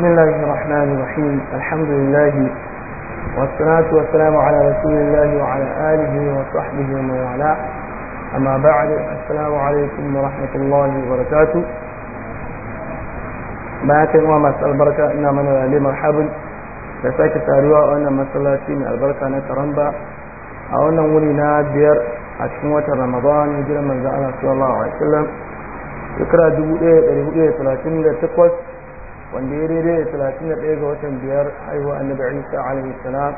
بسم الله الرحمن الرحيم الحمد لله والصلاة والسلام على رسول الله وعلى آله وصحبه ومن والاه أما بعد السلام عليكم ورحمة الله وبركاته باكر وما البركة إن من الأهل مرحبا لساك تاريوا وأن مسألة من البركة نترنبا أو أن مولينا دير أشموة رمضان يجرى من زعل رسول الله عليه وسلم يكرى دبوئة دبوئة ثلاثين لتقوث wanda ya daidai da talatin da ɗaya ga watan biyar haihuwa annabi isa alaihi salam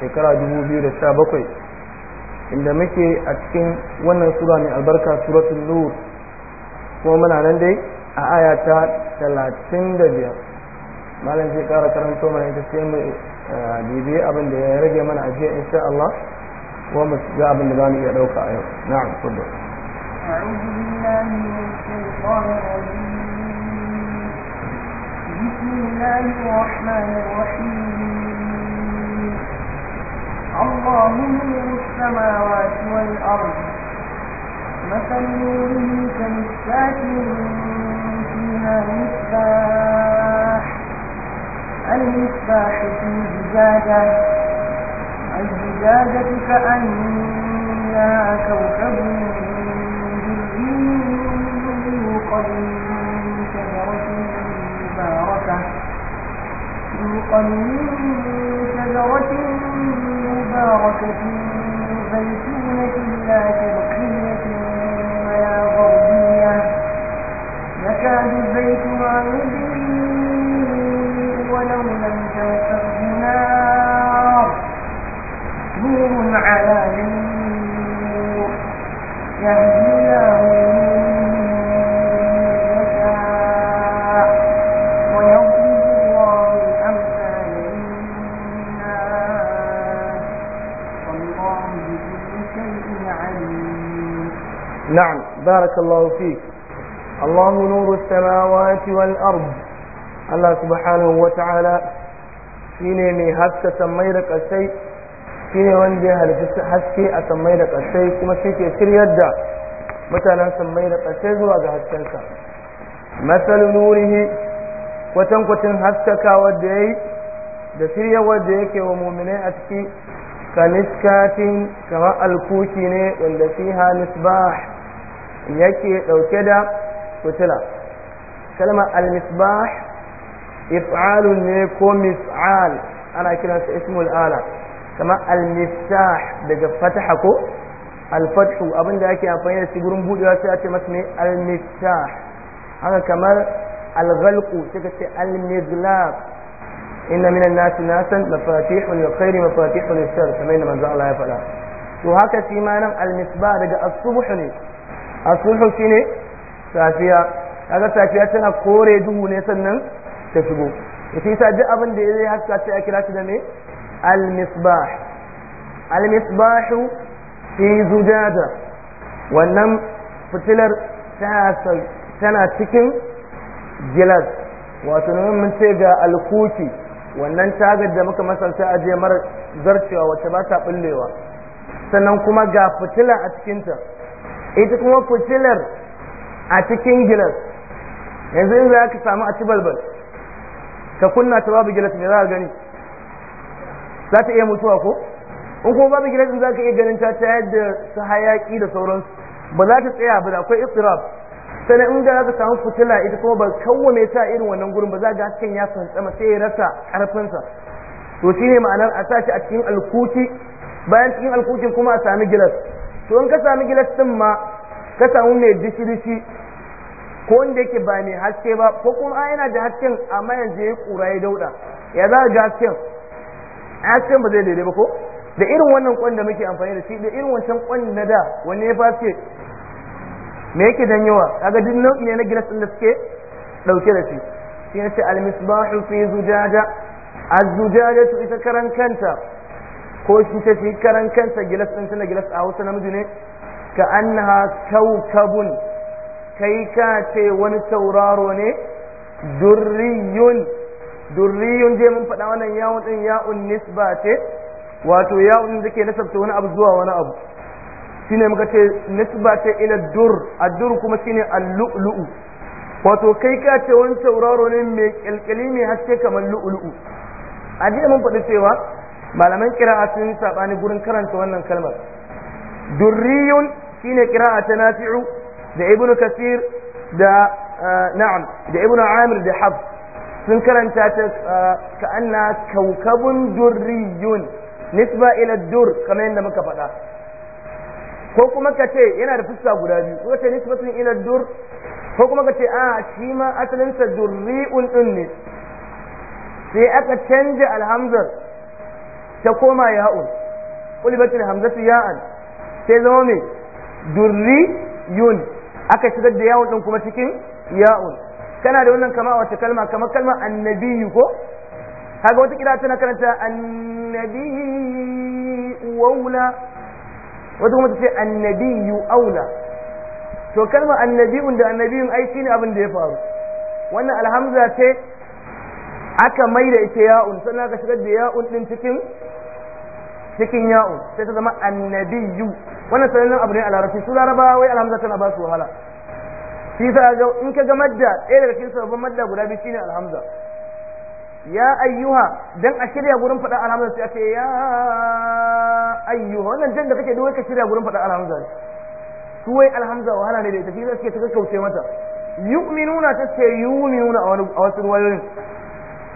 shekara dubu biyu da sha bakwai inda muke a cikin wannan sura mai albarka suratul nur kuma muna nan dai a aya ta talatin da biyar malam zai kara karanto mana ita sai mu dibi eh, abin da ya rage mana a jiya insha Allah kuma mu ga abin da za mu iya ɗauka a yau na'am kudu أعوذ بالله من الشيطان الرجيم بسم الله الرحمن الرحيم الله نور السماوات والأرض مثل نوره كمشكاة فيها مفتاح المفتاح في زجاجة الزجاجة كأنها كوكب دري يوقد مباركة من شجرة مباركة زيتونة لا شرقية ولا غربية يكاد زيتها يضيء ولو لم تمسسه نار نور على نور يهدي الله بارك الله فيك الله نور السماوات والأرض الله سبحانه وتعالى shine mai haska sammai da ƙasai shine wanda ya halitta haske a sammai da ƙasai kuma shi ke shiryar da mutanen sammai da ƙasai zuwa ga haskensa matsalin nurihi wadda yi da shirya wadda yake wa muminai a ciki kaniskatin kamar alkuki ne wanda fiha misbah yake ɗauke da fitila kalmar al-misbah if'alun ne ko mis'al ana kiran kiransa ismul ala kama al-miftah daga fataha ko al-fathu abinda ake amfani da shi gurin budewa sai a ce masa ne al-miftah haka kamar al-ghalqu sai ka ce al-midlaq inna minan nasi nasan mafatihun lil khairi mafatihun lil shar kamar yadda manzo Allah ya faɗa to haka shi ma nan al-misbah daga as-subh ne asuhu shine safiya kaga safiya tana kore duhu ne sannan ta shigo sai yasa duk abin da yayi haska ta a kira shi da me al-misbah al-misbah fi zujada wannan fitilar tana cikin gilas wato mun ce ga alkuki wannan tagar da muka masarta ajiye mara zarcewa wacce ba ta bullewa sannan kuma ga fitila a cikinta ita kuma fitilar a cikin gilas yanzu in za ka samu a ci ka kunna ta babu gilas mai za ka gani za ta iya mutuwa ko in kuma babu gilas in za ka iya ganin ta ta yadda su hayaki da sauransu ba za ta tsaya ba da akwai istirab sana in da za ka samu fitila ita kuma ba kawwame ta irin wannan gurin ba za ga hasken ya fantsama sai ya rasa karfinsa to shine ma'anar a sa shi a cikin alkuki bayan cikin alkukin kuma a sami gilas to in ka sami gilas din ma ka samu mai dishi dishi ko wanda yake ba mai haske ba ko kuma a yana da hasken amma yanzu ya kura ya dauda ya za ga hasken hasken ba zai daidai ba ko da irin wannan kwan da muke amfani da shi da irin wancan kwan na da wani ya fashe me yake danyowa kaga duk nau'i ne na gilas din da suke dauke da shi shi ne ce al-misbahu fi zujaja az-zujajatu ita karan kanta ko shi ta shi karan kansa gilas ɗin tana gilas a wasu namiji ne ka annaha kaukabun kai ka ce wani tauraro ne durriyun durriyun je mun faɗa wannan yawon ɗin ya'un nisba ce wato ya'un da ke nasabta wani abu zuwa wani abu ne muka ce nisba ce ila dur a dur kuma shi ne luluu wato kai ka ce wani tauraro ne mai kyalkyali mai haske kamar lu'lu'u a jiya mun faɗi cewa malaman kira'a sun sabani gurin karanta wannan kalmar durriyun shine kira'a ta nafi'u da ibnu kasir da eh, na'am da ibnu amir da haf sun karanta ta eh, ka'anna kaukabun durriyun nisba ila dur kamar yadda muka faɗa ko kuma ka ce yana da fuska guda biyu ko ce nisbatun ila dur ko kuma ka ce a shi ma asalinsa durri'un din ne sai aka canja alhamzar ta koma ya'un hamza hamzatu ya'an sai zama mai yun aka shigar da yawon ɗin kuma cikin ya'un kana da wannan kama a wata kalma kamar kalma annabiyu ko haka wata kira tana karanta annabiyu waula wata kuma ta ce annabiyu aula to kalma annabiyun da annabiyun ai shine abin da ya faru wannan alhamza ce aka mai da ita ya'un sannan aka shigar da ya'un ɗin cikin cikin ya'u sai ta zama annabiyu wannan sanannen abu ne a larabci su larabawa wai alhamza tana ba su wahala shi sa ga in ka ga madda ɗaya daga cikin sababbin madda guda biyu shine alhamza ya ayyuha dan a shirya gurin faɗa alhamza sai ake ya ayyuha wannan dan da kake dole ka shirya gurin faɗa alhamza su wai alhamza wahala ne da ita shi sa suke ta kauce mata yu'minuna ta ce yu'minuna a wasu ruwayoyin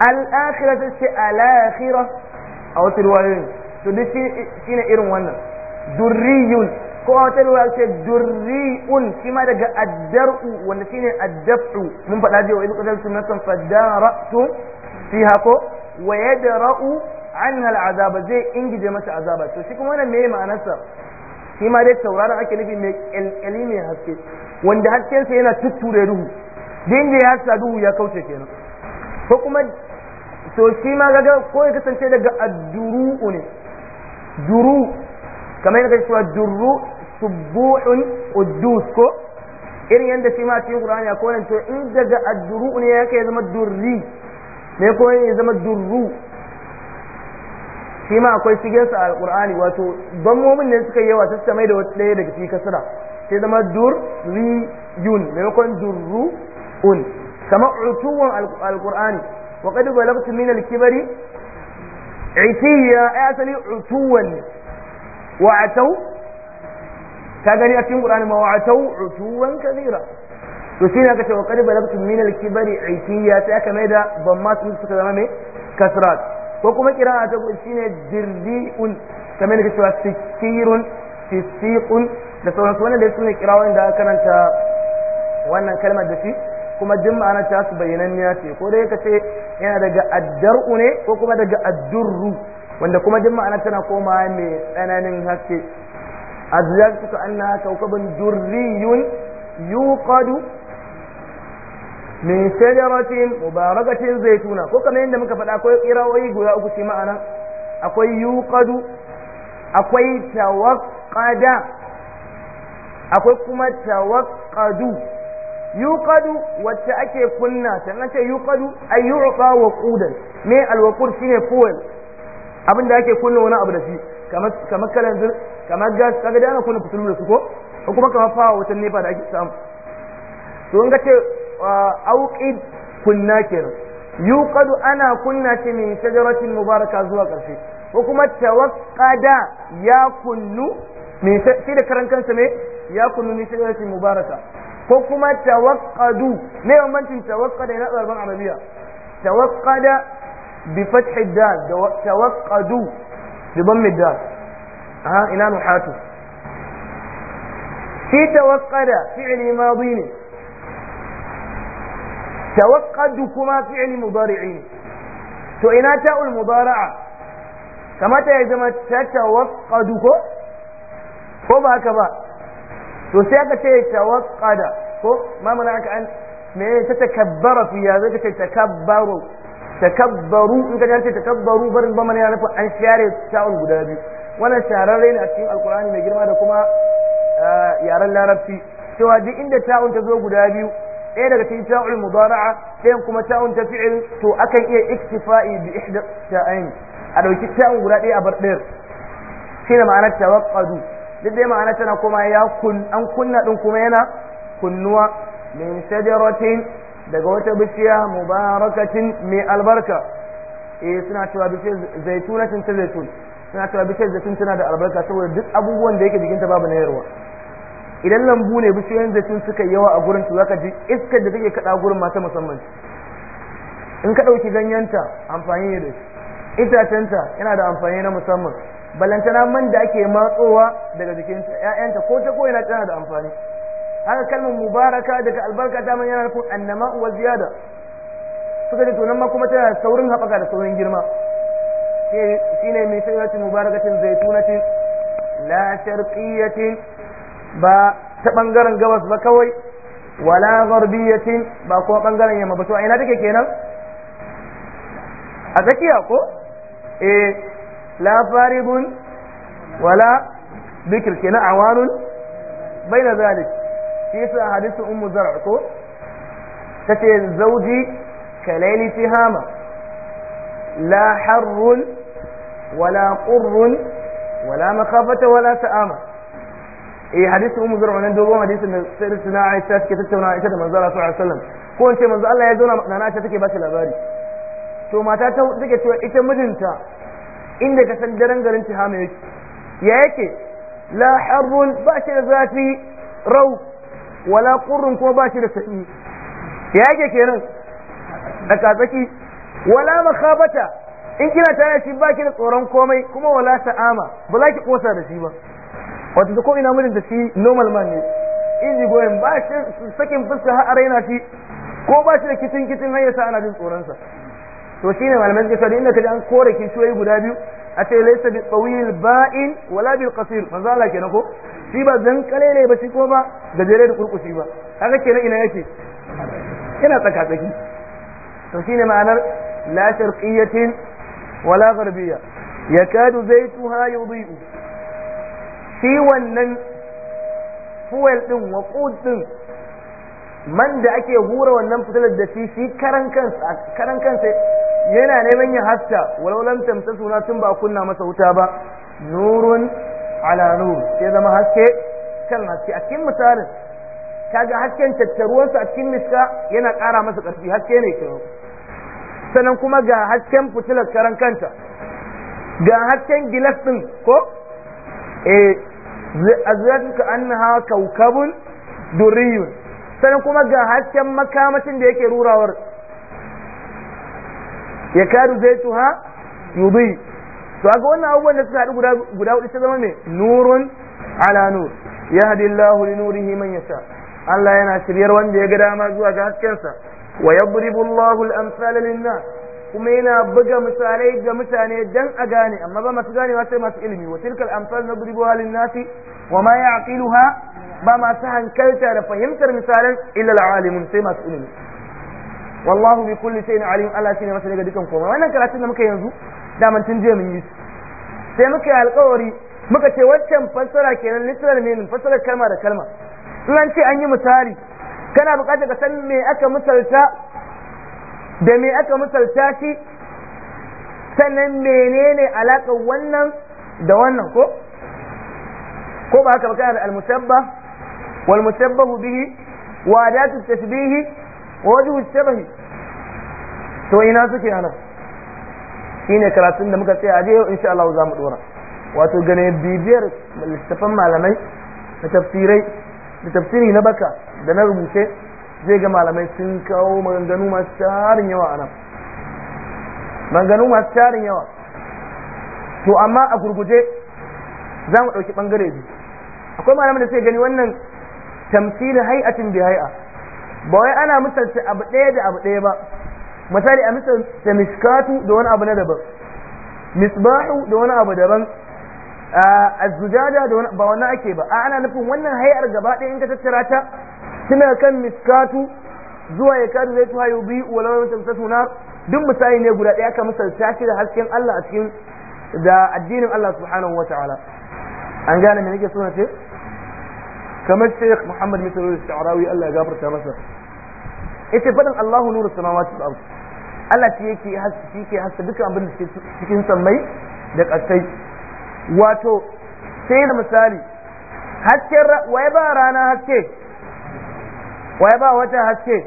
al-akhirah ta ce al-akhirah a wasu ruwayoyin to duk ne irin wannan durriyun ko a wata ruwa ce durriyun shi ma daga addar'u wanda shi ne addaf'u mun faɗa jiya wa idu qataltum nafsan fadara'tum fi hako wa an anha al'azaba zai ingije masa azaba to shi kuma wannan me ma'anarsa shi ma dai tauraron ake nufi mai kyalkyali mai haske wanda haskensa yana tutture duhu dinga ya sa duhu ya kauce kenan ko kuma to shi ma ga ko ya kasance daga adduru'u ne duru kamar yadda cewa duru subuhun uddus ko irin yadda shi ma cikin qur'ani ya kowane to in daga adduru ne ya kai zama durri ne ko ya zama durru shi ma akwai cikin sa alqur'ani wato mumin ne suka yawa sai suka mai da wata daya daga cikin kasra sai zama durriyun durru un kama utuwan alqur'ani wa qad balagtu min al-kibari عتيا اتلي عتوا وعتوا كذلك في القران ما وعتوا عتوا كثيرا وسينا كتب وقد بلغت من الكبر عتيا تاك ماذا ضمات نفسك زمان كثرات وكما كرا اتو سينا جردي ان كما كتب سكير فسيق لسونا سونا لسونا كراوين دا كانت وانا كلمة دا فيه kuma jin na ta su bayyananniya ce ko dai ka ce yana daga addar'u ne ko kuma daga addurru wanda kuma jin na tana koma mai tsananin haske an na kawkabun durriyun yuqadu min shajaratin mubarakatin zaituna ko kamar yadda muka faɗa akwai kirawoyi guda uku shi ma'ana akwai yuqadu akwai tawaqqada akwai kuma tawaqqadu yuqadu wacce ake kunna ta nace yuqadu ay yu'ta wa qudan me alwaqud shine fuel abin da ake kunna wani abu da shi kamar kamar kalanzir kamar gas kaga da ana kunna fitulu da su ko ko kuma kamar fawa wata nefa da ake samu to in ga ce auqid ah, kunna kenan yuqadu ana kunna ce min shajaratin mubaraka zuwa karshe ko kuma tawaqqada ya kunnu me shi da karan kansa me ya kunnu min shajaratin mubaraka ko kuma tawakkadu me bambancin tawakkada da zarban arabiya tawakkada bi fathi dal da tawakkadu bi dammi dal aha ina nuhatu shi tawakkada fi'li madi ne tawakkadu kuma fi'li mudari'i ne to ina ta'ul mudara'a kamata ya zama ta tawakkadu ko ko ba haka ba to sai aka ce tawaqqada ko ma mana aka an me ta takabbara fi ya zaka ce takabbaru takabbaru in ka ce takabbaru barin ba mana ya nufi an share ta'un guda biyu wannan shararre ne a cikin alkurani mai girma da kuma yaren larabci cewa duk inda ta'un ta zo guda biyu ɗaya daga cikin ta'ul mudara'a ɗayan kuma ta'un ta fi'il to akan iya iktifa'i bi ihda ta'ain a ɗauki ta'un guda ɗaya a bar ɗayar shine ma'anar tawaqqadu duk dai ma'ana tana kuma ya kun an kunna din kuma yana kunnuwa min shajaratin daga wata bishiya mubarakatin mai albarka eh suna cewa bishiyar zaitunatin ta zaitun suna cewa bishiyar zaitun tana da albarka saboda duk abubuwan da yake jikinta babu na yarwa idan lambu ne bishiyoyin zaitun suka yawa a gurin to zaka ji iskar da take kada gurin mata musamman in ka ɗauki ganyenta amfani ne da shi itacenta yana da amfani na musamman balantana man da ake matsowa daga jikinta ƴaƴanta ko ta ko na tana da amfani haka kalmar mubaraka daga albarka ta man yana nufin annama wa ziyada suka ce to nan ma kuma tana da saurin haɓaka da saurin girma shine mai mubarakacin mubarakatin zaitunatin la sharqiyatin ba ta bangaren gabas ba kawai wala gharbiyatin ba kuma bangaren yamma ba to a ina take kenan a tsakiya ko eh la faribun wala bikir ke na awanun bai na zalik shi yasa hadisin ummu zar'a ta ce zauji kalaili tihama la harrun wala qurrun wala makafata wala ta'ama eh hadisin ummu zar'a nan dogon hadisin da sayyidina Aisha take tattauna da manzo Allah sallallahu alaihi wasallam ko in ce manzo Allah ya zauna nana Aisha take ba shi labari to mata ta ita mijinta inda ka san daren garin tihama yake ya yake la harrun ba shi da zafi rau wala kurrun kuma ba shi da sanyi ya yake kenan katsaki wala makabata in kina tare shi ba ki da tsoron komai kuma wala sa'ama ba za ki kosa da shi ba wato da ko ina mijin da shi normal man ne Inji goyen ba shi sakin fuska har raina shi ko ba shi da kitin kitin har yasa ana jin tsoron sa to shine malamai suke cewa inda kaji an kore kishiyoyi guda biyu a ce laysa bi tawil ba'in wala bil qasir manzo Allah kenan ko shi ba zan ne ba shi ko ba gajere da kurkushi ba kaga kenan ina yake ina tsaka tsaki to shine ma'anar la sharqiyyatin wala gharbiyya yakadu zaytuha yudhi'u shi wannan fuel din waqud din man da ake hura wannan fitilar da shi shi karan kansa karan kansa yana neman ya haska walau lam tamsa suna tun ba kunna masa wuta ba nurun ala nur sai zama haske kan haske a cikin misalin kaga hasken tattaruwarsa a cikin miska yana ƙara masa ƙarfi haske ne kyau sannan kuma ga hasken fitilar karan kanta ga hasken gilas ɗin ko eh azratuka annaha kaukabun duriyun sannan kuma ga hasken makamacin da yake rurawar ya karu zai tuha yubi to ga wannan abubuwan da suka haɗu guda hudu ta zama mai nurun ala nur ya haɗi Allahu li nurihi man yasha Allah yana shiryar wanda ya ga dama zuwa ga haskensa wa yadribu Allahu al-amsala lin-nas kuma yana buga misalai ga mutane dan a gane amma ba masu ganewa sai masu ilimi wa tilkal amsal nadribu halin nasi wa ma yaqiluha ba masu hankalta da fahimtar misalan illa alalimun sai masu ilimi wallahu bi kulli shay'in alim Allah shine masa daga dukan komai wannan karatun da muka yanzu da mun tun je mun yi sai muka yi alƙawari muka ce waccan fassara kenan literal meaning fassara kalma da kalma in an ce an yi misali kana buƙatar ka san me aka misalta da me aka misalta shi sannan menene alaƙar wannan da wannan ko ko ba haka ba da al musabba wal musabbahu bihi wa adatu tashbihi wa wajhu shabahi to ina suke anan shine karatun da muka tsaya a yau insha Allah za mu dora wato gane bibiyar littafan malamai da tafsirai da tafsiri na baka da na rubuce zai ga malamai sun kawo maganganu masu tarin yawa a nan maganganu masu tarin yawa to amma a gurguje za mu ɗauki ɓangare biyu akwai malamai da sai gani wannan tamsilin hai'atin bi hai'a ba wai ana misalta abu ɗaya da abu ɗaya ba misali a misalta miskatu da wani abu na daban misbahu da wani abu daban azzujada da wani ba wani ake ba a ana nufin wannan hayar gaba ɗaya in ka tattara ta suna kan miskatu zuwa ya kadu zai tuha yubi walau lam tamsasu nar duk misali ne guda ɗaya aka misalta shi da hasken Allah a cikin da addinin Allah subhanahu wa ta'ala. an gane me nake so na ce kamar Sheikh Muhammad Misrul Sa'rawi Allah ya gafarta masa Ita fadin Allahu nuru samawati wal ard Allah shi yake haske ke haske dukkan abin da cikin sammai da ƙasai wato sai da misali hasken wa ya ba rana haske waye ba wata haske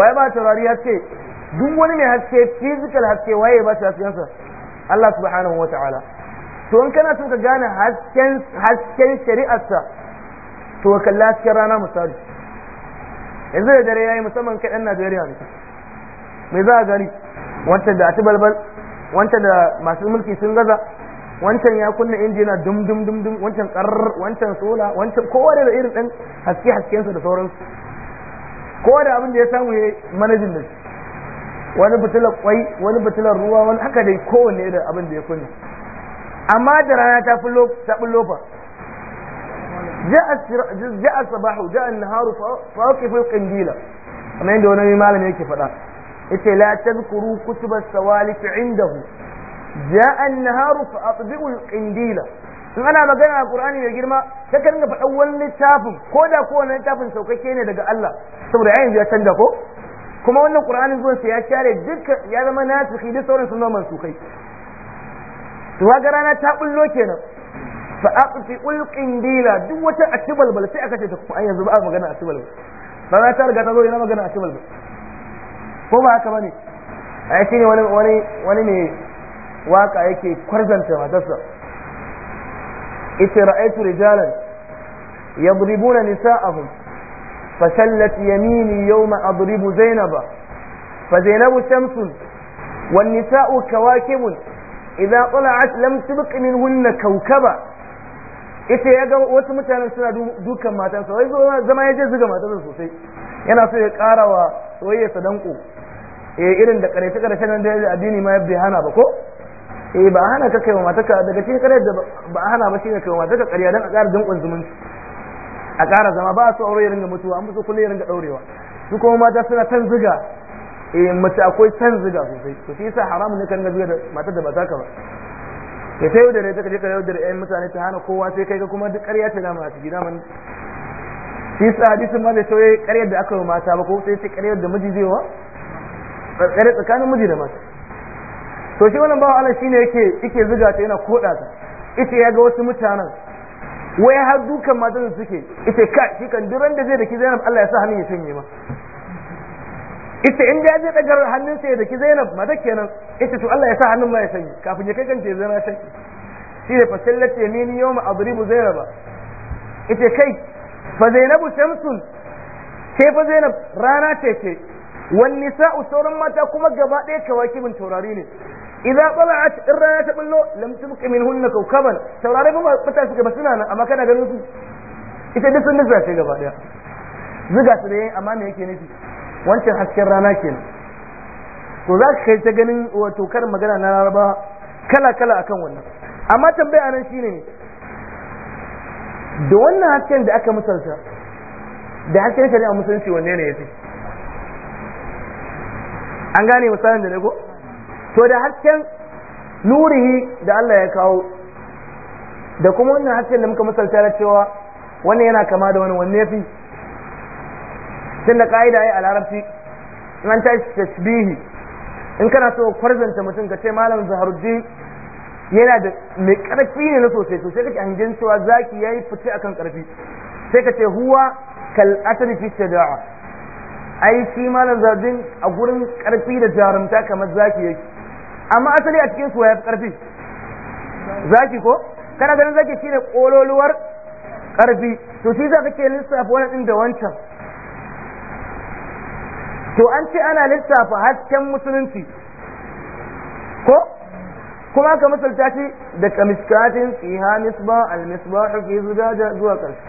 waye ba taurari haske duk wani mai haske physical haske waye ba shi haskensa Allah subhanahu wa ta'ala to in kana son ka gane hasken hasken shari'arsa to ka kalli hasken rana misali yanzu da dare yayi musamman kai dan Najeriya ne me za a gani wancan da atibalbal wancan da masu mulki sun gaza wancan ya kunna injina dum dum dum dum wancan karar wancan sola wancan kowa da irin dan haske haskensa da sauransu ko da abin da ya samu ya manajin da shi wani fitilar kwai wani fitilar ruwa wani haka dai kowane da abin da ya kunna amma da rana ta fi lofa a sabahu a naharu fawaqifu fi qindila kamar yadda wani malami yake faɗa yace la tadhkuru kutuba sawalif indahu ji a naharu fa fi al in ana magana a Qur'ani mai girma ka ka dinga faɗan wani littafin ko da ko wani littafin saukakke ne daga Allah saboda ayin ya canza ko kuma wannan Qur'ani zuwan sai ya share dukkan ya zama nasiki da sauran sunan noman kai to ga rana ta bullo kenan fa aqti ulqin dila duk wata atibal bal sai aka ce ta kuma yanzu ba a magana atibal bal rana ta riga ta zo ina magana atibal bal ko ba haka bane ai shine wani wani wani ne waka yake kwarzanta matarsa ita ra'aitu rijalan yadribuna nisa'ahum fa sallat yamini yawma adribu zainaba fa zainabu shamsun wan nisa'u kawakibun idza tala'at lam tubq minhunna kawkaba ita ya ga wasu mutanen suna dukan matansa wai zama ya je zuga matansa sosai yana so ya karawa soyayya sadanko eh irin da karaita karshen da addini ma ya hana ba ko eh ba hana ka kai wa matarka daga cikin karyar da ba hana ba shine kai wa matarka karya dan a ƙara dinkun zumunci a ƙara zama ba su aure ya ringa mutuwa an so kullu ya ringa daurewa su kuma mata suna tan ziga eh mace akwai tan ziga sosai to shi yasa haramun ne kan ga zuwa da mata da ba ka ba ke sai da rai ta kaje ka da ƴan mutane ta hana kowa sai kai ga kuma duk ƙarya ta dama a gida man shi yasa hadisin ma bai sauye ƙaryar da aka yi mata ba ko sai sai ƙaryar da miji zai wa tsakanin miji da mata to shi wannan bawa Allah shine yake yake zuga ta yana koda ta ita ya ga wasu mutanen waya har dukan matan suke ita ka shi kan duran da zai daki Zainab Allah ya sa hannun ya shanye ma ita inda ya je dagar hannun sai daki Zainab mata kenan ita to Allah ya sa hannun ma ya shanye kafin ya kai kanta ya zama shanye shi ne fasallat yamini yawma adribu Zainaba ita kai fa Zainabu shamsun sai fa Zainab rana ce ce wani sa'u sauran mata kuma gaba ɗaya kawaki bin taurari ne idza tala'at in rana ta bullo lam tubqi hunna kawkaban saurare ba mata suke ba suna nan amma kana ganin su ita duk sun nisa ce gaba daya zuga su da amma me yake nufi wancan hasken rana kenan to za ka kai ta ganin wato karin magana na raba kala kala akan wannan amma tambaya nan shine ne da wannan hasken da aka misalta da hasken shari'a musulunci wanne ne yafi an gane misalin da ne ko to da hasken nurihi da Allah ya kawo da kuma wannan hasken da muka misalta da cewa wannan yana kama da wani wanne fi tun da ka'ida ya a larabci in an tashi tashbihi in kana so kwarzanta mutum ka ce malam zaharuddin yana da mai karfi ne na sosai sosai kake hangen cewa zaki yayi fice akan karfi sai ka ce huwa kal asri fi shada'a ai shi malam zaharuddin a gurin karfi da jarumta kamar zaki yake amma asali a cikin su ya fi karfi zaki ko kana ganin zaki shine kololuwar karfi to shi za ka ke lissafa wannan din da wancan to an ce ana lissafa hasken musulunci ko kuma ka misalta shi da kamiskatin fiha misba al-misbah fi zujaja zuwa karshe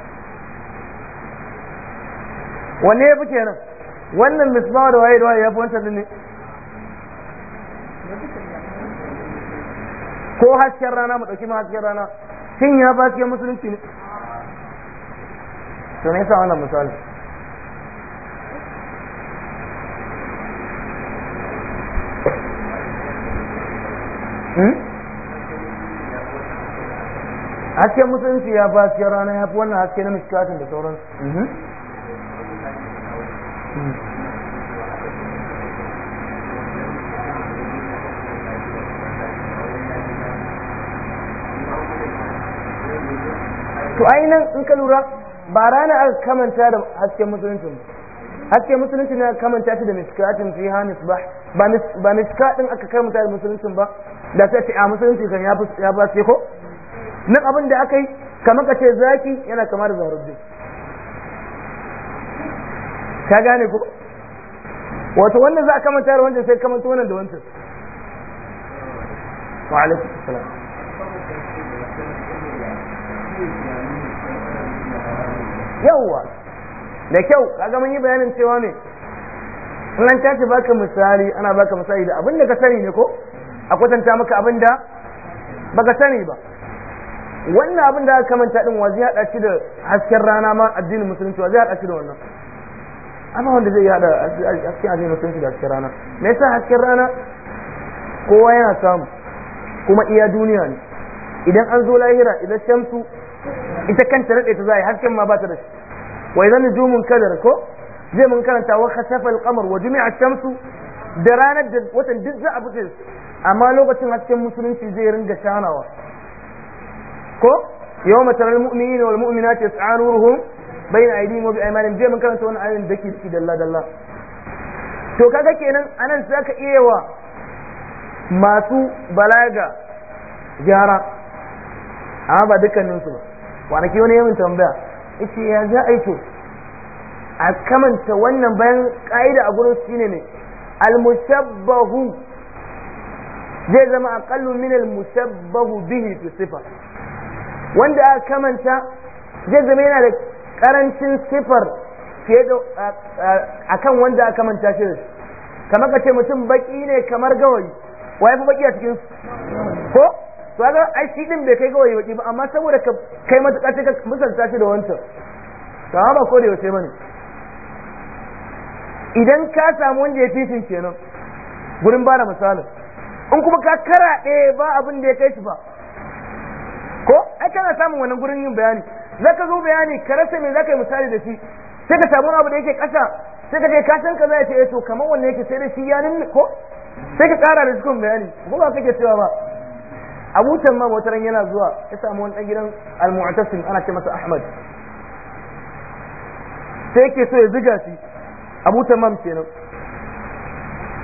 wanne ya fi kenan wannan misbah da waye da waye ya fi wancan ne ko hasken rana mu dauki hasken rana shin ya ba hasken musulunci ne to me yasa wannan misali hmm? hasken musulunci ya ba hasken rana ya fi wannan haske na miskatin da sauransu hmm? Hmm. to ainihin in ka lura ba rana aka kamanta da hasken musulunci hasken musulunci ne aka kamanta shi da miskatin fi ha ba ba miskatin aka kamanta da musulunci ba da sai a musulunci kan ya ba sai ko nan abin da aka yi kamar ka ce zaki yana kamar zaruddi ka gane ko wato wannan za a kamanta da wancan sai kamanta wannan da wancan wa alaikum assalam yawwa da kyau kaga mun yi bayanin cewa ne in an tashi baka misali ana baka misali da abin da ka sani ne ko a kwatanta maka abin da baka sani ba wannan abin da aka manta din wa zai hada shi da hasken rana ma addinin musulunci wa zai hada shi da wannan amma wanda zai hada hasken addinin musulunci da hasken rana me yasa hasken rana kowa yana samu kuma iya duniya ne idan an zo lahira idan shamsu ita kanta rade ta zai hasken ma ba ta da shi wa idan nujumun kadar ko zai mun karanta wa khasafa al-qamar wa jumi'a shamsu da ranar da watan duk za a fice amma lokacin hasken musulunci zai ringa shanawa ko yawma taral mu'minina wal mu'minati yas'a nuruhum bayna aydihim wa bi aymanihim zai mun karanta wannan ayoyin da ciki dalla dalla to kaga kenan anan zaka iya wa masu balaga gyara amma ba dukkaninsu ba kwanaki wani yamin tambaya ita ya za a yi to a kamanta wannan bayan ƙa'ida a gurin su ne al-mushabbahu zai zama aqallu min al-mushabbahu bihi fi sifa wanda a kamanta zai zama yana da ƙarancin sifar fiye da a kan wanda a kamanta shi da kamar ka ce mutum baki ne kamar gawayi wa yafi baki a cikin ko to ga ai shi din bai kai ga waiwaki ba amma saboda ka kai matuƙa sai ka misalta shi da wancan to ba ko da yaushe bane idan ka samu wanda ya titin kenan gurin ba da misali in kuma ka karaɗe ba abin da ya kai shi ba ko ai kana samun wannan gurin yin bayani zaka zo bayani ka rasa me zaka yi misali da shi sai ka samu abu da yake ƙasa sai ka ce ka san ka zai ce eh to kamar wanne yake sai da shi ya ninni ko sai ka ƙara da cikin bayani ko ba kake cewa ba abu ma wata ran yana zuwa ya samu wani dan gidan al-mu'tasim ana ce masa ahmad sai yake so ya ziga shi abu tamam kenan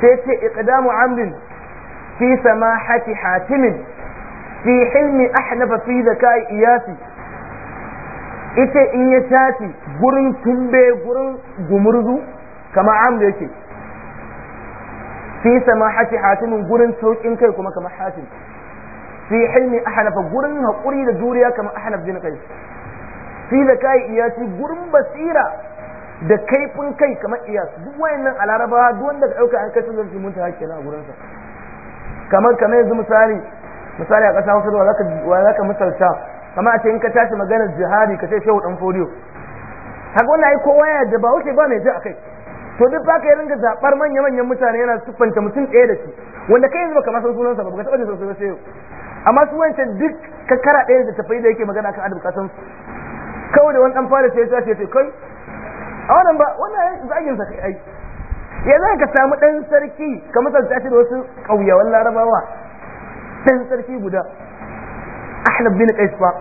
sai ce iqdamu amrin fi samahati hatim fi hilmi ahnaba fi zakai iyasi ita in ya tashi gurin tumbe gurin gumurzu kama amr yake fi samahati hatim gurin saukin kai kuma kama hatim fi hilmi ahnafa gurin hakuri da juriya kamar ahnaf bin kai fi da kai iyasi gurin basira da kaifin kai kamar iyas duk wayannan a laraba duk wanda ka dauka an kashin zan mun ta hakki na gurin sa kamar kamar yanzu misali misali a kasa Hausa da zaka wa zaka misalta kamar a ce in ka tashi maganar jihadi ka ce shehu dan folio haka wannan ai kowa ya da ba wuce ba mai ji akai to duk ba ka yi ringa zaɓar manya-manyan mutane yana siffanta mutum ɗaya da shi wanda kai yanzu ba ma san sunansa ba baka taɓa jin ba sai yau amma su wancan duk kakara ɗaya da tafai da yake magana kan adab kasan kawai da wani dan fara sai ya ce kai a wannan ba wannan zagin sa kai ai ya za ka samu ɗan sarki ka misalta shi da wasu ƙauyawan larabawa ɗan sarki guda ahlab bin qais fa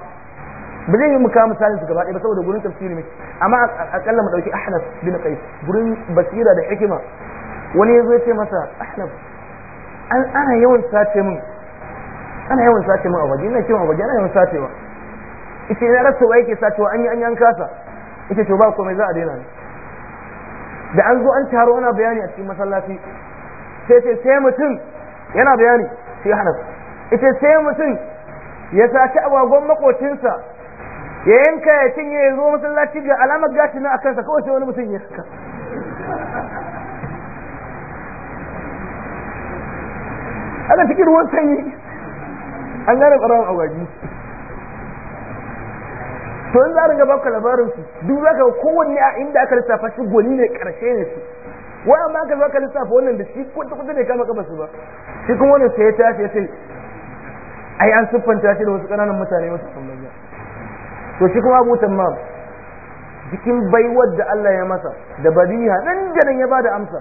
ba zai yi mu kawo misalin su gaba ɗaya ba saboda gurin tafsiri ne amma akalla mu ɗauki ahlab bin qais gurin basira da hikima wani ya zo ya ce masa ahlab an ana yawan sace min ana yawan sace min waje ina kiwon waje ana yawan sacewa ita ina rasa wa yake sacewa an yi an yi kasa ita to ba komai za a daina ne da an zo an taro ana bayani a cikin masallaci sai sai sai mutum yana bayani sai hana ita sai mutum ya saci agwagon makocinsa ya yanka ya cinye ya zo masallaci ga alamar gashi na akan sa kawai sai wani mutum ya saka ana cikin ruwan sanyi an gane ɓarawan agwagi to in za a ringa baka labarin su duk za ka kowanne a inda aka lissafa shi goli ne ƙarshe ne su wai amma aka zo lissafa wannan da shi kwata kwata ne kama kama su ba shi kuma wannan sai ya tashi ya ce ai an siffanta shi da wasu ƙananan mutane wasu tambaya to shi kuma abu tammam cikin baiwar da Allah ya masa da badiha nan da nan ya bada amsa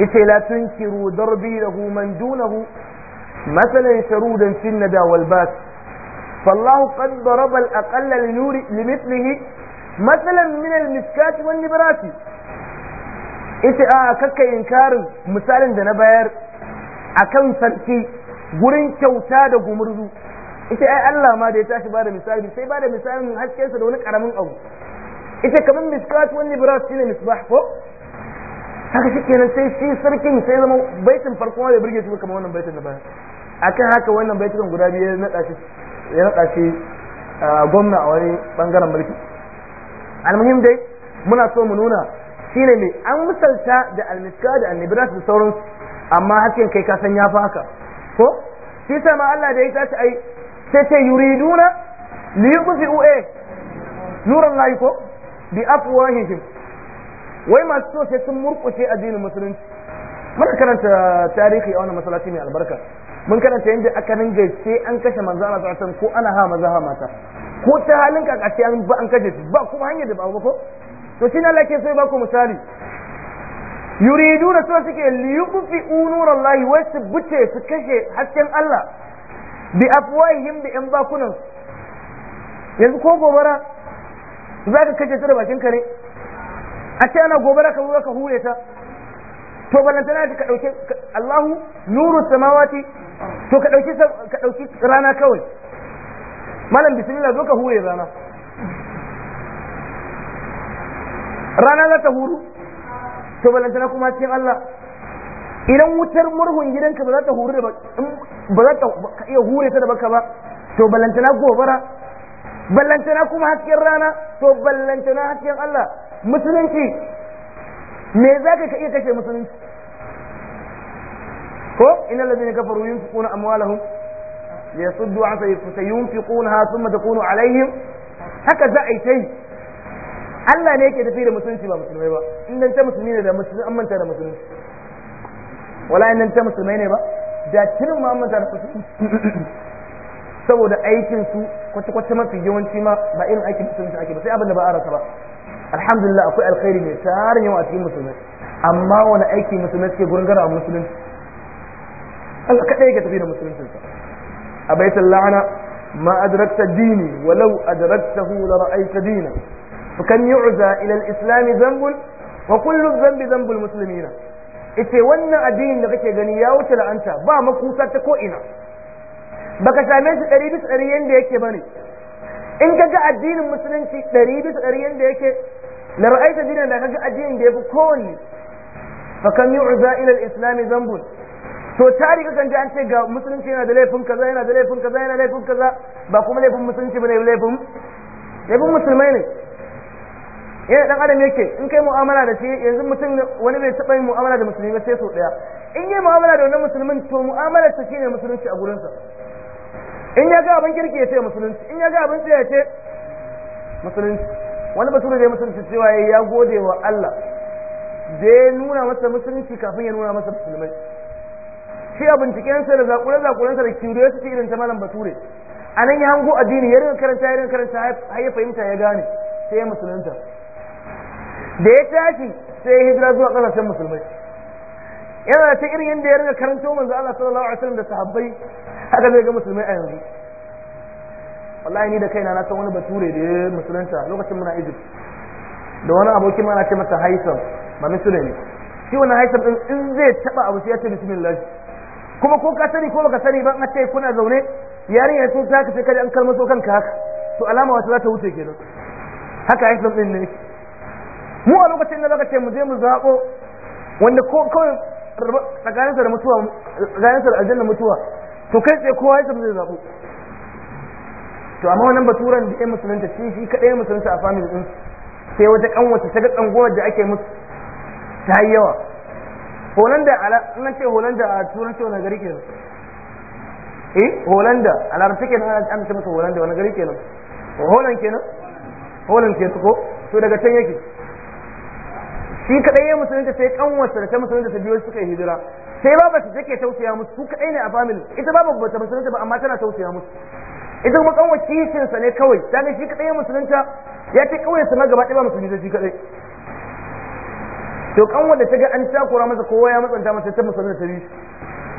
ita la tunkiru darbi lahu man dunahu مثلا شرودا في الندى والباس فالله قد ضرب الأقل لمثله مثلا من المسكات والنبرات ita a kakka inkarin misalin da na bayar akan sarki gurin kyauta da gumurzu ita ai Allah ma da ya tashi ba da misali sai ba da misalin haskensa da wani karamin abu ita kamar miskat wani biras shine misbah ko haka shi shikenan sai shi sarkin sai zama baitin farko ma bai burge shi kamar wannan baitin da baya akan haka wannan baitukan guda biyu ya naɗa shi ya gwamna a wani ɓangaren mulki almuhim dai muna so mu nuna Shi ne mai an misalta da almiska da annibrat da sauran amma hakin kai kasan ya fi haka ko shi sa ma Allah da ya tashi ai sai ce yuriduna li kufi eh nuran lahi ko bi afwahihim wai masu so sai sun murkushe addinin musulunci muna karanta tarihi a wani masalaci mai albarka mun karanta yadda aka ringa sai an kashe manzo Allah sallallahu alaihi ko ana ha maza ha mata ko ta halin ka kace an ba an kashe ba kuma hanyar da ba ba ko to shine Allah ke so ya baku misali yuriduna so suke liyuqfi'u unurallahi wa su su kashe hasken Allah bi afwahihim da yan bakunan yanzu ko gobara za ka kashe ta da bakin ka ne a ce ana gobara ka zo ka hure ta to balantana ka dauke Allahu nuru samawati to ka ɗauki ka ɗauki rana kawai malam bismillah zo ka hure rana rana za ta huru to balantana kuma cikin Allah idan wutar murhun gidanka ba za ta huru da ba za ta iya hure ta da baka ba to balantana gobara ballantana kuma hasken rana to ballantana hasken Allah musulunci me za ka iya kashe musulunci ko innal ladina kafaru yunfiquna amwalahum liyasuddu an sayunfiqunaha thumma takunu alaihim haka za a yi tai Allah ne yake tafi da musulunci ba musulmai ba in dan ta musulmi ne da musulmi an manta da musulunci wala in dan ta musulmai ne ba da tirin ma an manta da musulunci saboda aikin su kwata kwace mafi yawanci ma ba irin aikin musulunci ake ba sai abin da ba a rasa ba alhamdulillah akwai alkhairi ne tarin yawa a cikin musulmai amma wani aiki musulmai suke gurin gara a musulunci Allah kaɗai yake tafi da musuluncinsa a baitin la'ana ma adrakta dini walau adraktahu la ra'aita dina fakan yu'za ila al-islam zambul, wa kullum zambi zambul musulmi na. ite wannan addinin da kake gani ya wuce la'anta ba makusa ta ko'ina. ina baka same shi ɗari bisa ɗari yadda yake bane in ka ga addinin musulunci ɗari bisa ɗari yanda yake la ra'aita dina da ka ga addinin da ya fi kowanne fakan yu'za ila al-islam zambul. so tari kakan ji an ce ga musulunci yana da laifin kaza yana da laifin kaza yana da laifin kaza ba kuma laifin musulunci ba ne laifin laifin musulmai ne yana dan adam yake in kai mu'amala da shi yanzu mutum wani bai taɓa yin mu'amala da musulmi ba sai sau ɗaya in yi mu'amala da wani musulmin to mu'amala ta shine musulunci a gurinsa in ya ga abin kirki ya ce musulunci in ya ga abin tsaya ya ce musulunci wani bature da musulunci cewa ya gode wa Allah da ya nuna masa musulunci kafin ya nuna masa musulmai shi a bincikensa da zakure-zakurensa da curiosity irin ta malam bature a nan ya hango addini ya rinka karanta ya rinka karanta har ya fahimta ya gane sai ya musulunta da ya tashi sai ya hijira zuwa ƙasashen musulmai yana da ta irin yadda ya rinka karanta manzo Allah sallallahu alaihi wasallam da sahabbai haka zai ga musulmai a yanzu wallahi ni da kaina na san wani bature da ya musulunta lokacin muna Egypt da wani abokin mana ce masa Haisam ba musulmi shi wannan Haisam din in zai taba abu sai ya ce bismillah kuma ko ka sani ko baka sani ba a ce kuna zaune yarinya sun ta sai kaji an kalma so kanka haka to alama wata za ta wuce ke nan haka ai din ne mu a lokacin da zaka ce mu je mu zabo wanda ko kawai tsakaninsa da mutuwa tsakaninsa da aljanna mutuwa to kai tsaye kowa ya zai zaɓo. to amma wannan baturan da ya musulunta shi shi kadai ya musulunta a family din sai wata kanwace ta ga tsangowar da ake musu ta yi yawa holanda nan ce holanda a turanci wani gari kenan eh holanda a larabci kenan an ce masa holanda wani gari kenan holand kenan holand ke ko to daga can yake shi kadai ya musulunta sai kanwarsa da ta musulunta ta biyo suka yi hijira sai baba ta take tausaya musu su kadai ne a family ita baba ba ta musulunta ba amma tana tausaya musu ita kuma kanwar kishin sa ne kawai ta shi kadai ya musulunta ya ce kawai su na gaba ɗaya ba musulunta shi kadai to kan wanda ta ga an takura masa kowa ya matsanta masa ta da ta bi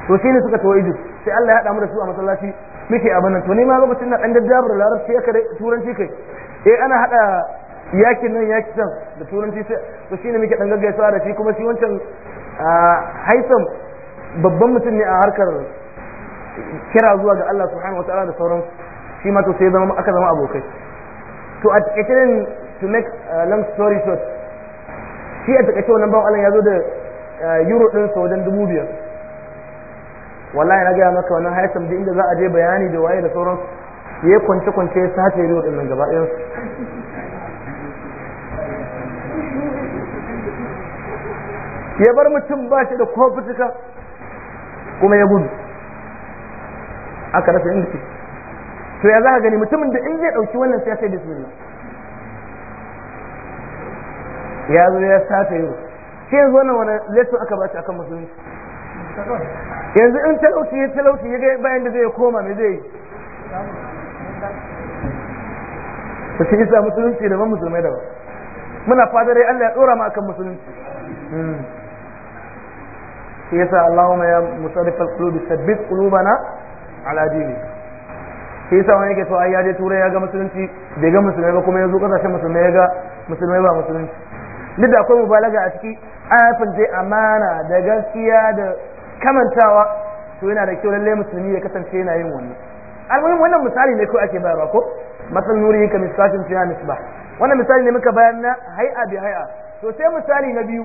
to shi ne suka tawai Egypt sai Allah ya haɗa mu da su a masallaci muke a nan to ne ma lokacin na ɗan daddabar larabci ya kare turanci kai eh ana haɗa yakin nan yakin can da turanci sai to shi ne muke ɗan gaggaisawa da shi kuma shi wancan haisan babban mutum ne a harkar kira zuwa ga Allah subhanahu wataala da sauran shi ma to sai zama aka zama abokai to a cikin to make a long story short shi a takaice wannan bawan Allah ya zo da eh, euro din sa wajen dubu biyar wallahi na gaya maka wannan haisan da inda za a je bayani da waye da sauran ya kwance kwance ya sace euro din nan gaba ɗayan ya bar mutum ba shi da kofitika kuma ya gudu aka rasa inda ce to ya za a gani mutumin da in zai ɗauki wannan sai ya sai bismillah ya zo ya sata yau sai yanzu wannan wani lesson aka ba shi akan musulunci yanzu in talauci ya talauci ya ga bayan da zai koma me zai yi ta ce isa musulunci daban musulmai daban muna fadar dai Allah ya tsora ma akan musulunci hmm. shi yasa Allahumma ya musarrif al-qulub sabbit qulubana ala dini shi yasa wani yake so ai ya je turai ya ga musulunci bai ga musulmai ba kuma yanzu kasashen musulmai ya ga musulmai ba musulunci duk da akwai mubalaga a ciki an fance amana da gaskiya da kamantawa to yana da kyau lalle musulmi ya kasance yana yin wannan almuhim wannan misali ne ko ake bayarwa ko masal nuri ka misatin fiya misbah wannan misali ne muka bayar na hai'a bi hai'a to sai misali na biyu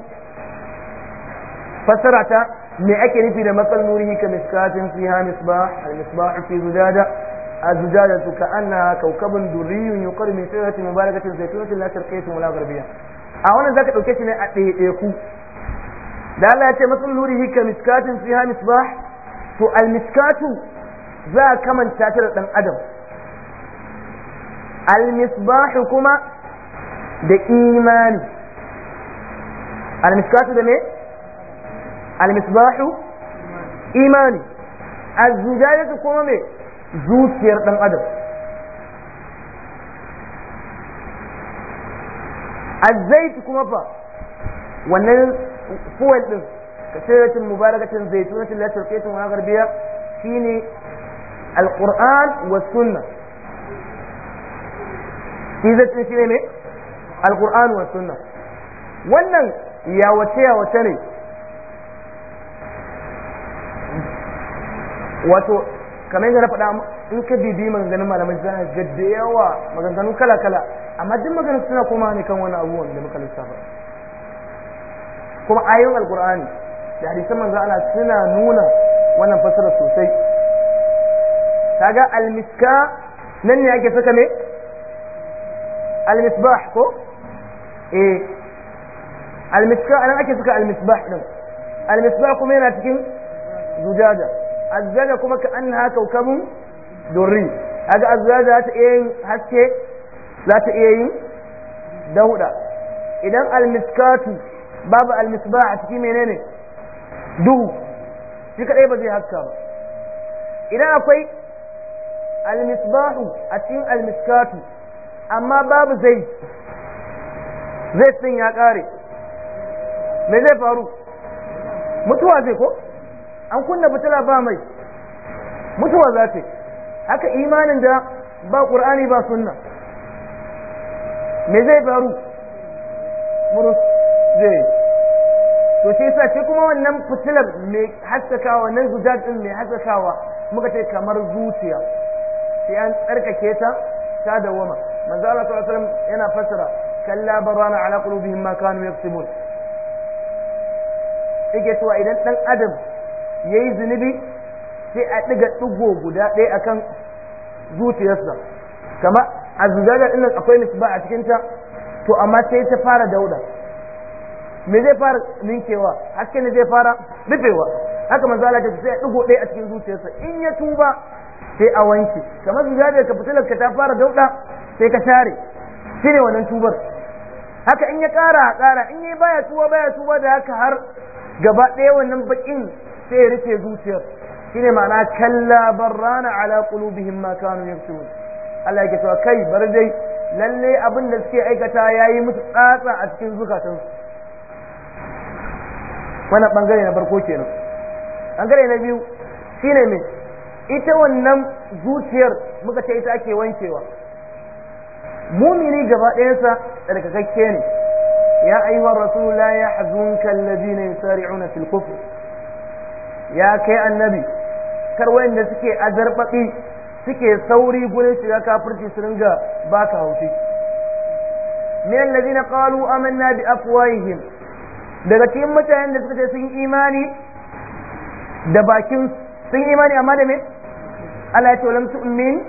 fassara ta me ake nufi da masal nuri ka misatin fiya misbah al misbah fi zujada الزجاجة كأنها كوكب دري يقر من سيرة mubarakatin zaytunatin la شرقية ولا غربية a wannan zaka dauke shi ne a ku? da Allah ya ce nurihi ka miskatin fiha misbah to al miskatu za a kamanta ta da dan adam al misbah kuma da imani al miskatu da me al misbah imani az kuma me zuciyar dan adam Azaiti kuma fa wannan fuel din kashiratin mubarakatin zaitunatin la tarqitun wa garbiya shine alquran wa sunna shi shine ne alquran wa sunna wannan ya wace ya wace ne wato kamar yadda na faɗa in ka bibi maganganun malamai za ka ga da yawa maganganu kala kala amma duk maganin suna koma ne kan wani abubuwan da muka lissafa kuma ayoyin alkur'ani da hadisan manzo Allah suna nuna wannan fasara sosai kaga almiska nan ne ake saka me almisbah ko eh almiska anan ake saka almisbah din almisbah kuma yana cikin zujaja azzaja kuma ka annaha kawkabun durri kaga azza za ta iya yin haske za ta iya yin dauda idan almiskatu babu almisbah a cikin menene duhu shi kadai ba zai haska ba idan akwai almisbahu a cikin almiskatu amma babu zai zai sun ya kare me zai faru mutuwa zai ko an kunna fitila ba mai mutuwa za ta yi haka imanin da ba ƙur'ani ba sunna me zai faru murus zai to sai sa ce kuma wannan fitilar mai haskaka wannan zujaj din mai haskakawa muka ce kamar zuciya sai an tsarkake ta ta dawama manzo Allah sallallahu alaihi wasallam yana fassara kalla barana ala qulubihim ma kanu yaktubun yake cewa idan dan adam yayi zunubi sai a diga ɗigo guda ɗaya akan zuciyarsa kama a zujada din nan akwai nisba a cikin ta to amma sai ta fara dauda me zai fara ninkewa haske ne zai fara rufewa haka manzo Allah ta sai dugo ɗaya a cikin zuciyarsa in ya tuba sai a wanke kamar zujada ka fitilar ka ta fara dauda sai ka share shine wannan tubar haka in ya ƙara ƙara in yi baya tuba baya tuba da haka har gaba ɗaya wannan bakin sai ya rufe zuciyarsa shine ma'ana kalla barrana ala qulubihim ma kanu yaktubun Allah yake cewa kai bar dai lalle abin da suke aikata yayi musu tsatsa a cikin zukatansu wannan bangare na farko kenan bangare na biyu shine me ita wannan zuciyar muka ce ita ake wankewa mumini gaba ɗayansa tsarkakakke ne ya ayyuhar rasul la yahzunka alladhina yusari'una fil kufr ya kai annabi faɗakar wayanda suke azarbaɓi suke sauri gurin shiga kafirci su ringa baka haushi min alladhina qalu amanna bi afwahihim daga cikin mutanen da suka ce sun imani da bakin sun imani amma da me Allah ya ce lam tu'min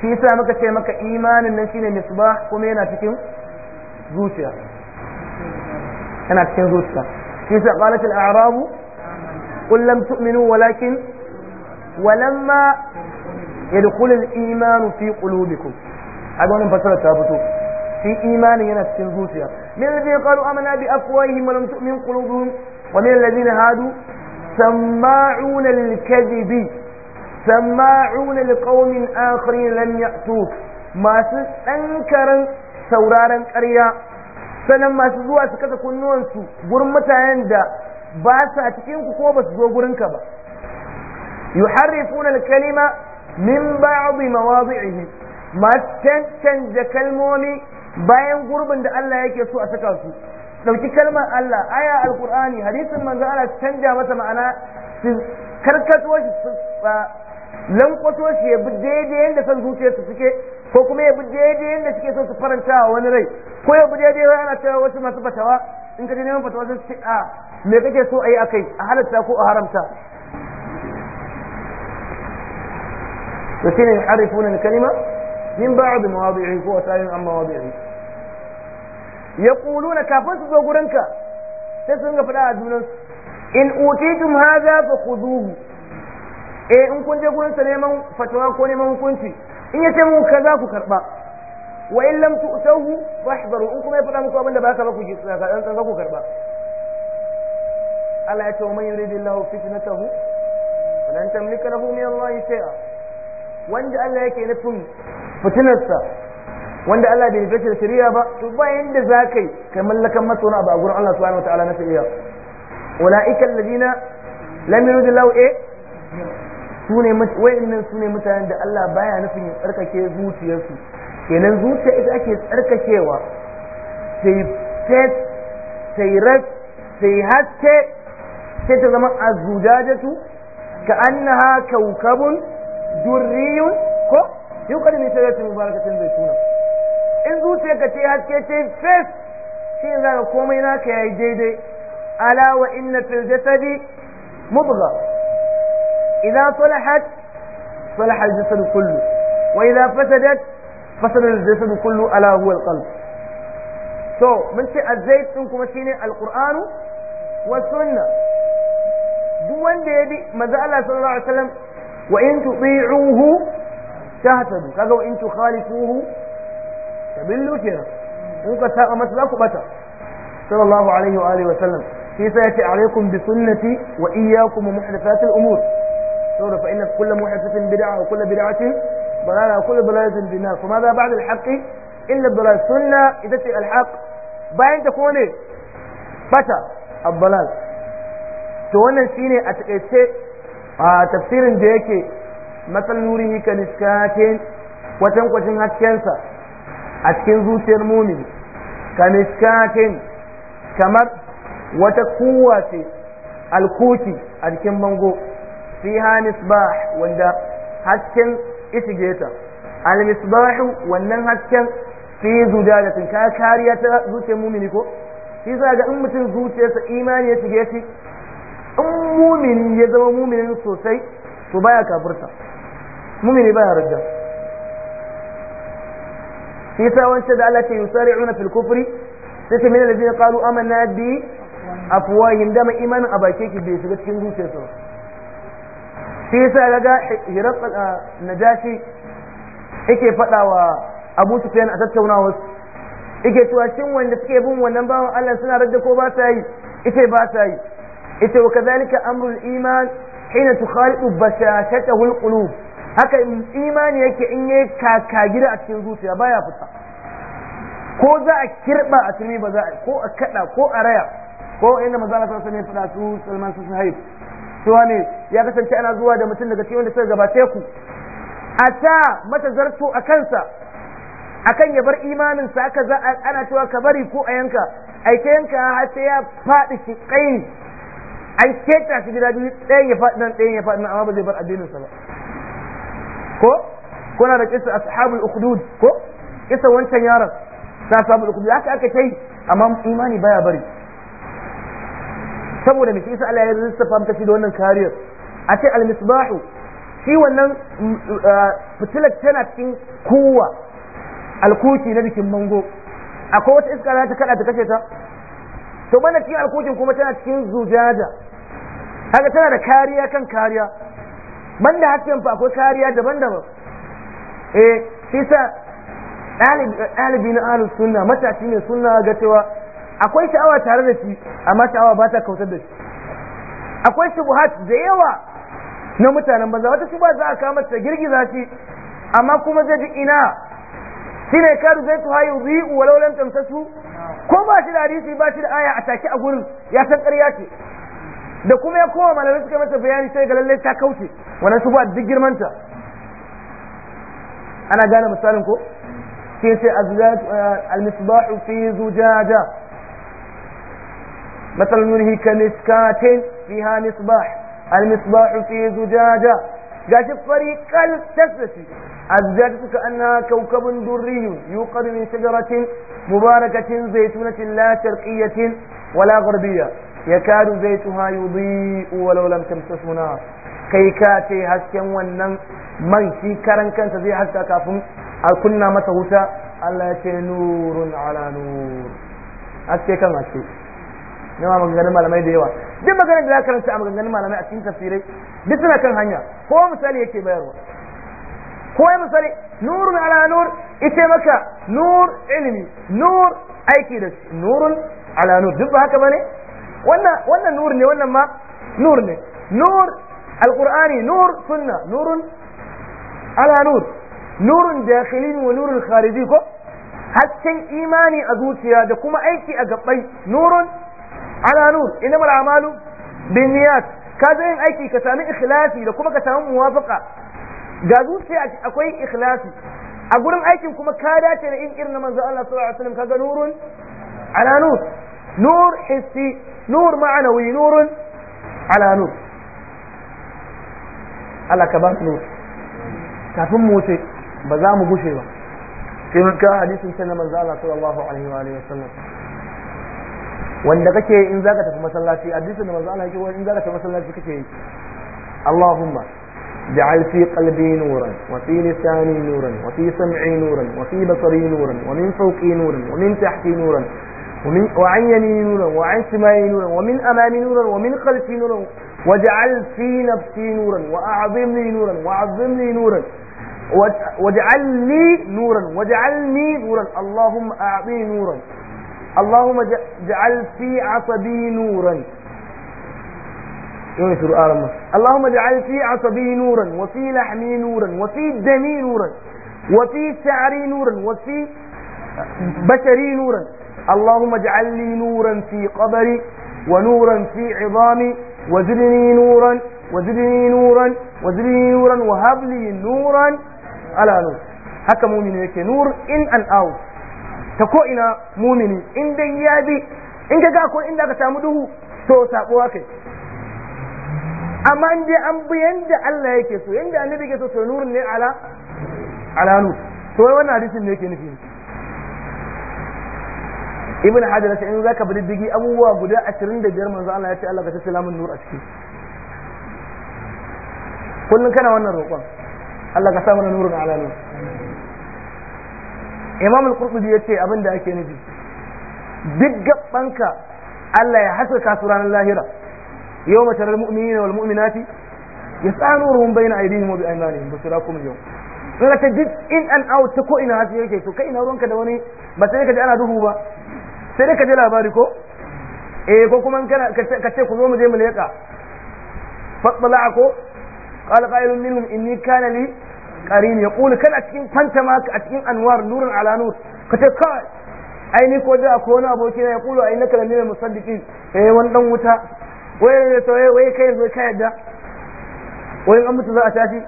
shi yasa muka ce maka imanin nan shine misbah kuma yana cikin zuciya yana cikin zuciya shi yasa qalat al arab qul lam tu'minu walakin walamma yadkhulu al-iman fi qulubikum kaga wannan fasara ta fito fi imanin yana cikin zuciya min alladhi qalu amanna bi afwahihim wa lam tu'min qulubuhum wa min alladhina hadu sama'una lil-kadhibi sama'una liqaumin akharin lam ya'tuk masu dankaran sauraron ƙarya sannan masu zuwa su kasa kunnuwansu gurin mutanen da ba sa cikin ku ko basu su zo gurinka ba يحرفون الكلمة من بعض مواضعه ما تنتنج كلمومي bayan gurbin da Allah yake so a saka su Ɗauki kalmar Allah aya alqur'ani hadisin manzo Allah canza canja mata ma'ana su karkato shi su lankwato shi ya bi daidai yadda son zuciyarsu suke ko kuma ya bi daidai yadda suke so faranta wa wani rai ko ya bi daidai wa ana cewa in ka neman fatawa sun me kake so a yi kai, a halatta ko a haramta to shine yuharifuna al-kalima min ba'd mawadi'i ko wasayin amma mawadi'i yaquluna kafin su zo gurinka sai sun ga fada a junan in utitum hadha fa khuduhu eh in kun je gurin sa neman fatawa ko neman hukunci in yace muku kaza ku karba wa in lam tu'tahu fahdaru in kuma ya fada muku abinda ba ka ba ku ji tsaka dan tsaka ku karba Allah ya ce wa man yuridillahu fitnatahu falan tamlika lahu min Allah shay'a wanda Allah yake nufin fitinarsa wanda Allah bai nufe da shari'a ba to ba yanda za ka yi kai mallakan masa wani abu a gurin Allah subhanahu wataala na shari'a ulaika alladhina lam yuridillahu eh sune wayannan sune mutanen da Allah baya nufin ya tsarkake zuciyarsu kenan zuciya ita ake tsarkakewa ta fet sai ras haske sai ta zama azujajatu ka annaha kaukabun durriyun ko yuqad min shajaratin mubarakatin zaituna in zuciyarka ce haske ce fes shi ne zaka komai naka yayi daidai ala wa inna fil jasadi mubgha idza salahat salaha al jasadu kullu wa idza fasadat fasada al jasadu kullu ala huwa al qalb to mun ce azzait din kuma shine alqur'anu wa sunna duk wanda ya bi manzo Allah sallallahu alaihi wasallam wa in tuti'uhu tahtadu kaga wa in tukhalifuhu tabillu kenan in ka saba masa za ku sallallahu alaihi wa alihi wa sallam shi yasa yace alaikum bi sunnati wa iyyakum muhdathat al-umur saboda fa inna kullu muhdathatin bid'a wa kullu bid'atin ضلالة وكل ضلالة في النار فماذا بعد الحق إلا الضلال سنة إذا الحق ta تكون فتى الضلال to wannan shine a takaice a tafsirin da yake matsal nurihi ka niskatin kwatan kwacin haskensa a cikin zuciyar mumin ka niskatin kamar wata kuwa ce alkuki a cikin bango ha misbah wanda hasken al almisbahu wannan hasken fi da ka kariya ta zuciyar mumini ko shi za ga in mutum zuciyarsa imani ya shige shi in mumini ya zama muminin sosai to baya kafirta mumini baya rajja shi ta wancan da Allah ke yusari'una fil kufri sai ce da zai qalu amanna bi afwahim dama imanin a bake ki bai shiga cikin zuciyarsa shi ta daga hirar najashi yake faɗa wa abu sufiyan a tattaunawar yake cewa shin wanda suke bin wannan bawan Allah suna rajja ko ba ta yi ita ba ta yi ita wa kadhalika amrul iman hina tukhaliqu bashashatahu alqulub haka imani yake in yayi kakagira a cikin zuciya baya fita ko za a kirba a turmi ba za a ko a kada ko a raya ko inda manzo Allah sallallahu alaihi wasallam su Salman su Sahib cewa ne ya kasance ana zuwa da mutum daga cikin wanda suka gabace ku a ta mata zarto a kansa akan ya bar imanin sa aka za ana cewa ka bari ko a yanka ai ta yanka har sai ya faɗi shi kaini an keta shi gida biyu ɗayan ya faɗi nan ɗayan ya faɗi nan amma ba zai bar addinin sa ba ko kuna da kisa ashabul ukhdud ko kisa wancan yaron ta ashabul ukhdud haka aka kai amma imani baya bari saboda me isa Allah ya rizzafa maka shi da wannan kariyar a ce al-misbahu shi wannan mm, uh, fitilar tana cikin kowa alkuki na bikin mango akwai wata iska za ta kada ta kashe ta to mana cikin alkokin kuma tana cikin zujaja haka tana da kariya kan kariya banda hakkin fa akwai kariya daban-daban eh shi sa ɗalibi na ahlus sunna matashi ne sunna ga cewa akwai sha'awa tare da shi amma sha'awa ba ta kautar da shi akwai shubuhat da yawa na mutanen banza wata su ba za a kama ta girgiza shi amma kuma zai ji ina shine karu zai su hayu ri'u walau lam ko ba shi da hadisi ba shi da aya a take a gurin ya san ƙarya ce da kuma ya koma malamai suka mata bayani sai ga lalle ta kauce wannan ba duk girmanta ana gane misalin ko sai ce azlaj eh, al-misbah fi zujaja مثل نوره كمسكات فيها مصباح المصباح في زجاجة قاش فريق التسلسي الزجاجة كأنها كوكب دري يوقد من شجرة مباركة زيتونة لا شرقية ولا غربية Ya yakadu zaytuha yudhi'u walau lam tamsahu nar kai ka ce hasken wannan man shi karan kansa zai haska kafin a kunna masa wuta Allah ya ce nurun ala nuru haske kan haske na maganganun malamai da yawa duk maganar da za karanta a maganganun malamai a cikin tafsirai duk suna kan hanya ko misali yake bayarwa ko ya misali nurun ala nur ita maka nur ilimi nur aiki da nurun ala nur duk ba haka bane wannan wannan nur ne wannan ma nur ne nur alqur'ani nur sunna nurun ala nur nurun dakhili wa nurun khariji ko hasken imani a zuciya da kuma aiki a gabbai nurun ala nur innamal a'malu binniyat ka zai yin aiki ka sami ikhlasi da kuma ka sami muwafaqa ga zuciya akwai ikhlasi a gurin aikin kuma ka dace da in irin na manzo Allah sallallahu alaihi wasallam kaga nurun ala nur نور حسي نور معنوي نور على نور على كبات نور كفم موسى بزام بوشيبا في مكة حديث سنة من زالة صلى الله عليه وآله وسلم وان دقك ان زاك تفهم صلى في حديث سنة من زالة ان زاك تفهم صلى في كتير اللهم جعل في قلبي نورا وفي لساني نورا وفي سمعي نورا وفي بصري نورا ومن فوقي نورا ومن تحتي نورا ومن وعن يمين نورا وعن شمال نورا ومن أمام نورا ومن خلف نورا واجعل في نفسي نورا وأعظم لي نورا وأعظم لي نورا واجعل لي نورا واجعلني نورا اللهم أعطني نورا اللهم اجعل في عصبي نورا اللهم اجعل في عصبي نورا وفي لحمي نورا وفي دمي نورا وفي شعري نورا وفي بشري نورا اللهم اجعل لي نورا في قبري ونورا في عظامي وزدني نورا وزدني نورا وزدني نورا وهب لي نورا على نور haka mumini yake nur in and out ta ko ina mumini in ya bi in ga ko inda ka samu duhu to sabuwa kai amma an bi yanda Allah yake so yanda annabi yake so to nurun ne ala ala wannan hadisin yake nufi ibn hajar sai in zaka bi digi abubuwa guda 25 manzo Allah ya ce Allah ka ta salamun nur a ciki kullun kana wannan roƙon Allah ka sa mana nurun alamin Imam al-Qurtubi yace abin da ake nufi duk gabanka Allah ya haska ka ranar lahira yawma taral mu'minina wal mu'minati yasanuruhum bayna aydihim wa bi aymanihim basirakum al-yawm sai ka duk in and out ta ko ina haske yake to kai ina ruwanka da wani ba sai ka ji ana duhu ba sai dai ka je labari ko eh ko kuma ka ce ku zo mu je mu leƙa fatsala ko قال قائل منهم إني كان لي قرين يقول كان أتكين فانتماك أتكين أنوار نور على نور كتب كاي ai ni ko da akwai wani aboki na ya kulu ai naka lamina musaddiqin eh wani dan wuta wai ne to wai kai yanzu ka yadda wai an mutu za a tashi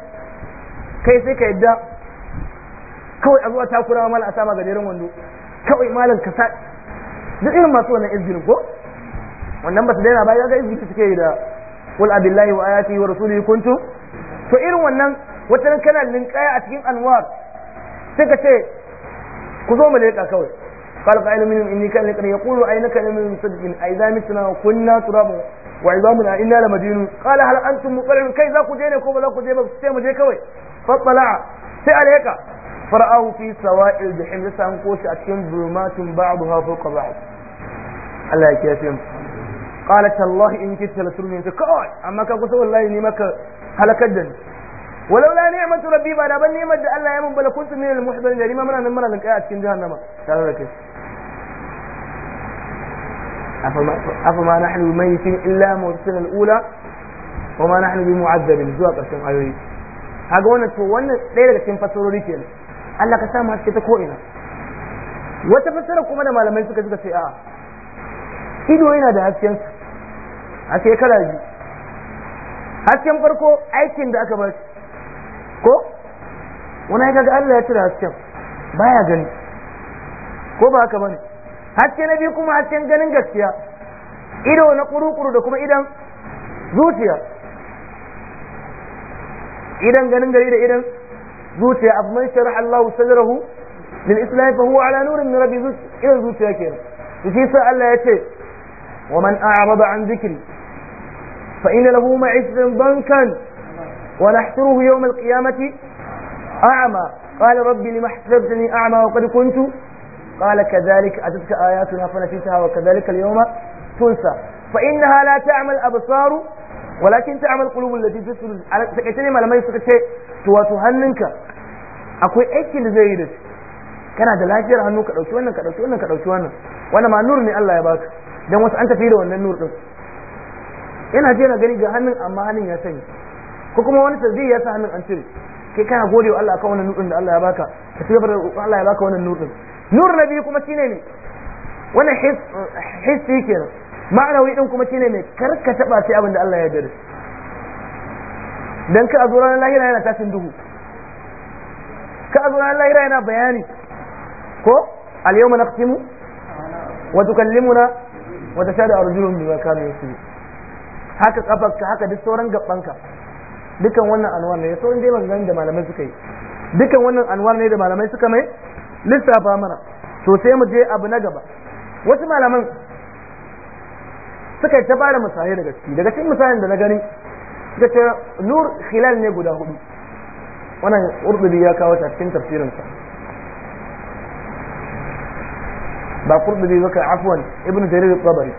kai sai ka yadda kawai a zuwa takura mal a sama gajeren wando kawai malam ka sa duk irin masu wannan izinin ko wannan ba su daina ba ga izini suke yi da qul abillahi wa ayati wa rasulihi kuntum to irin wannan wata nan kana linkaya a cikin anwar sai ka ce ku zo mu leka kawai قال قائل منهم اني كان لقد يقول اين كان من صدق اذا متنا وكنا ترابا وعظامنا انا لمدينون قال هل انتم مطلعون كي ذاك جينا كوبا ذاك جيبا سيما جي كوي فطلع سأليك فرآه في سواء الجحيم لسا انقوش اتكن ظلمات بعضها فوق بعض الله يكفيهم قالت الله إن كنت لسرني أنت كأي أما كنت والله إني مك هلك الدن ولولا نعمة ربي بعد أبن نعمة ألا يمن بل كنت من المحبن يعني ما مرة نمرة لك آيات كنت هنا ما قال لك أفما, أفما نحن بميتين إلا مرسل الأولى وما نحن بمعذبين زواق أسلم عيوني هاقونا تفوانا ليلة كنت فسروا لي كيلا ألا كسام هاتك تكوئنا وتفسروا كمدا ما لما يسكتك في آه ido yana da hasken haske kala biyu hasken farko aikin da aka bashi ko wani aika ga Allah ya cire hasken baya gani ko ba haka bane haske na biyu kuma hasken ganin gaskiya ido na kurukuru da kuma idan zuciya idan ganin gari da idan zuciya abu man shara Allah sadrahu lil islam fa huwa ala nurin min rabbi idan zuciya kenan shi sa Allah ya ce ومن أعرض عن ذكري فإن له معزا ضنكا ونحشره يوم القيامة أعمى قال ربي لما حسبتني أعمى وقد كنت قال كذلك أتتك آياتنا فنسيتها وكذلك اليوم تنسى فإنها لا تعمل أبصار ولكن تعمل القلوب التي تسلل على تكتني ما لم يسكت شيء تواتهننك أقول أكل زيدك kana da lafiyar hannu ka dauki wannan ka dauki wannan ka dauki wannan wanda ma nur ne Allah ya baka dan wasu an tafi da wannan nur din yana je na gani ga hannun amma hannun ya sani ko kuma wani sai ya sa hannun an cire kai kana gode wa Allah ka wannan nurin da Allah ya baka ka tafi da Allah ya baka wannan nurin nur na biyu kuma shine ne wannan hissi kenan ma'anawi din kuma shine ne kar ka taba sai abin da Allah ya yarda dan ka a lahira yana tashin duhu ka a lahira yana bayani ko al-yawma naqtimu wa tukallimuna wa tashhadu arjuluhum bima kanu yaksubun haka kafarka haka duk sauran ka dukan wannan anwar ne sauran dai maganganun da malamai suka yi dukan wannan anwar ne da malamai suka mai lissafa mana to sai mu je abu na gaba wasu malaman suka yi ta bada misalai daga ciki daga cikin misalin da na gani suka ce nur khilal ne guda hudu wannan urdubi ya kawo ta cikin tafsirinsa ba kurdubi ba kai afwan ibn jarir al-tabari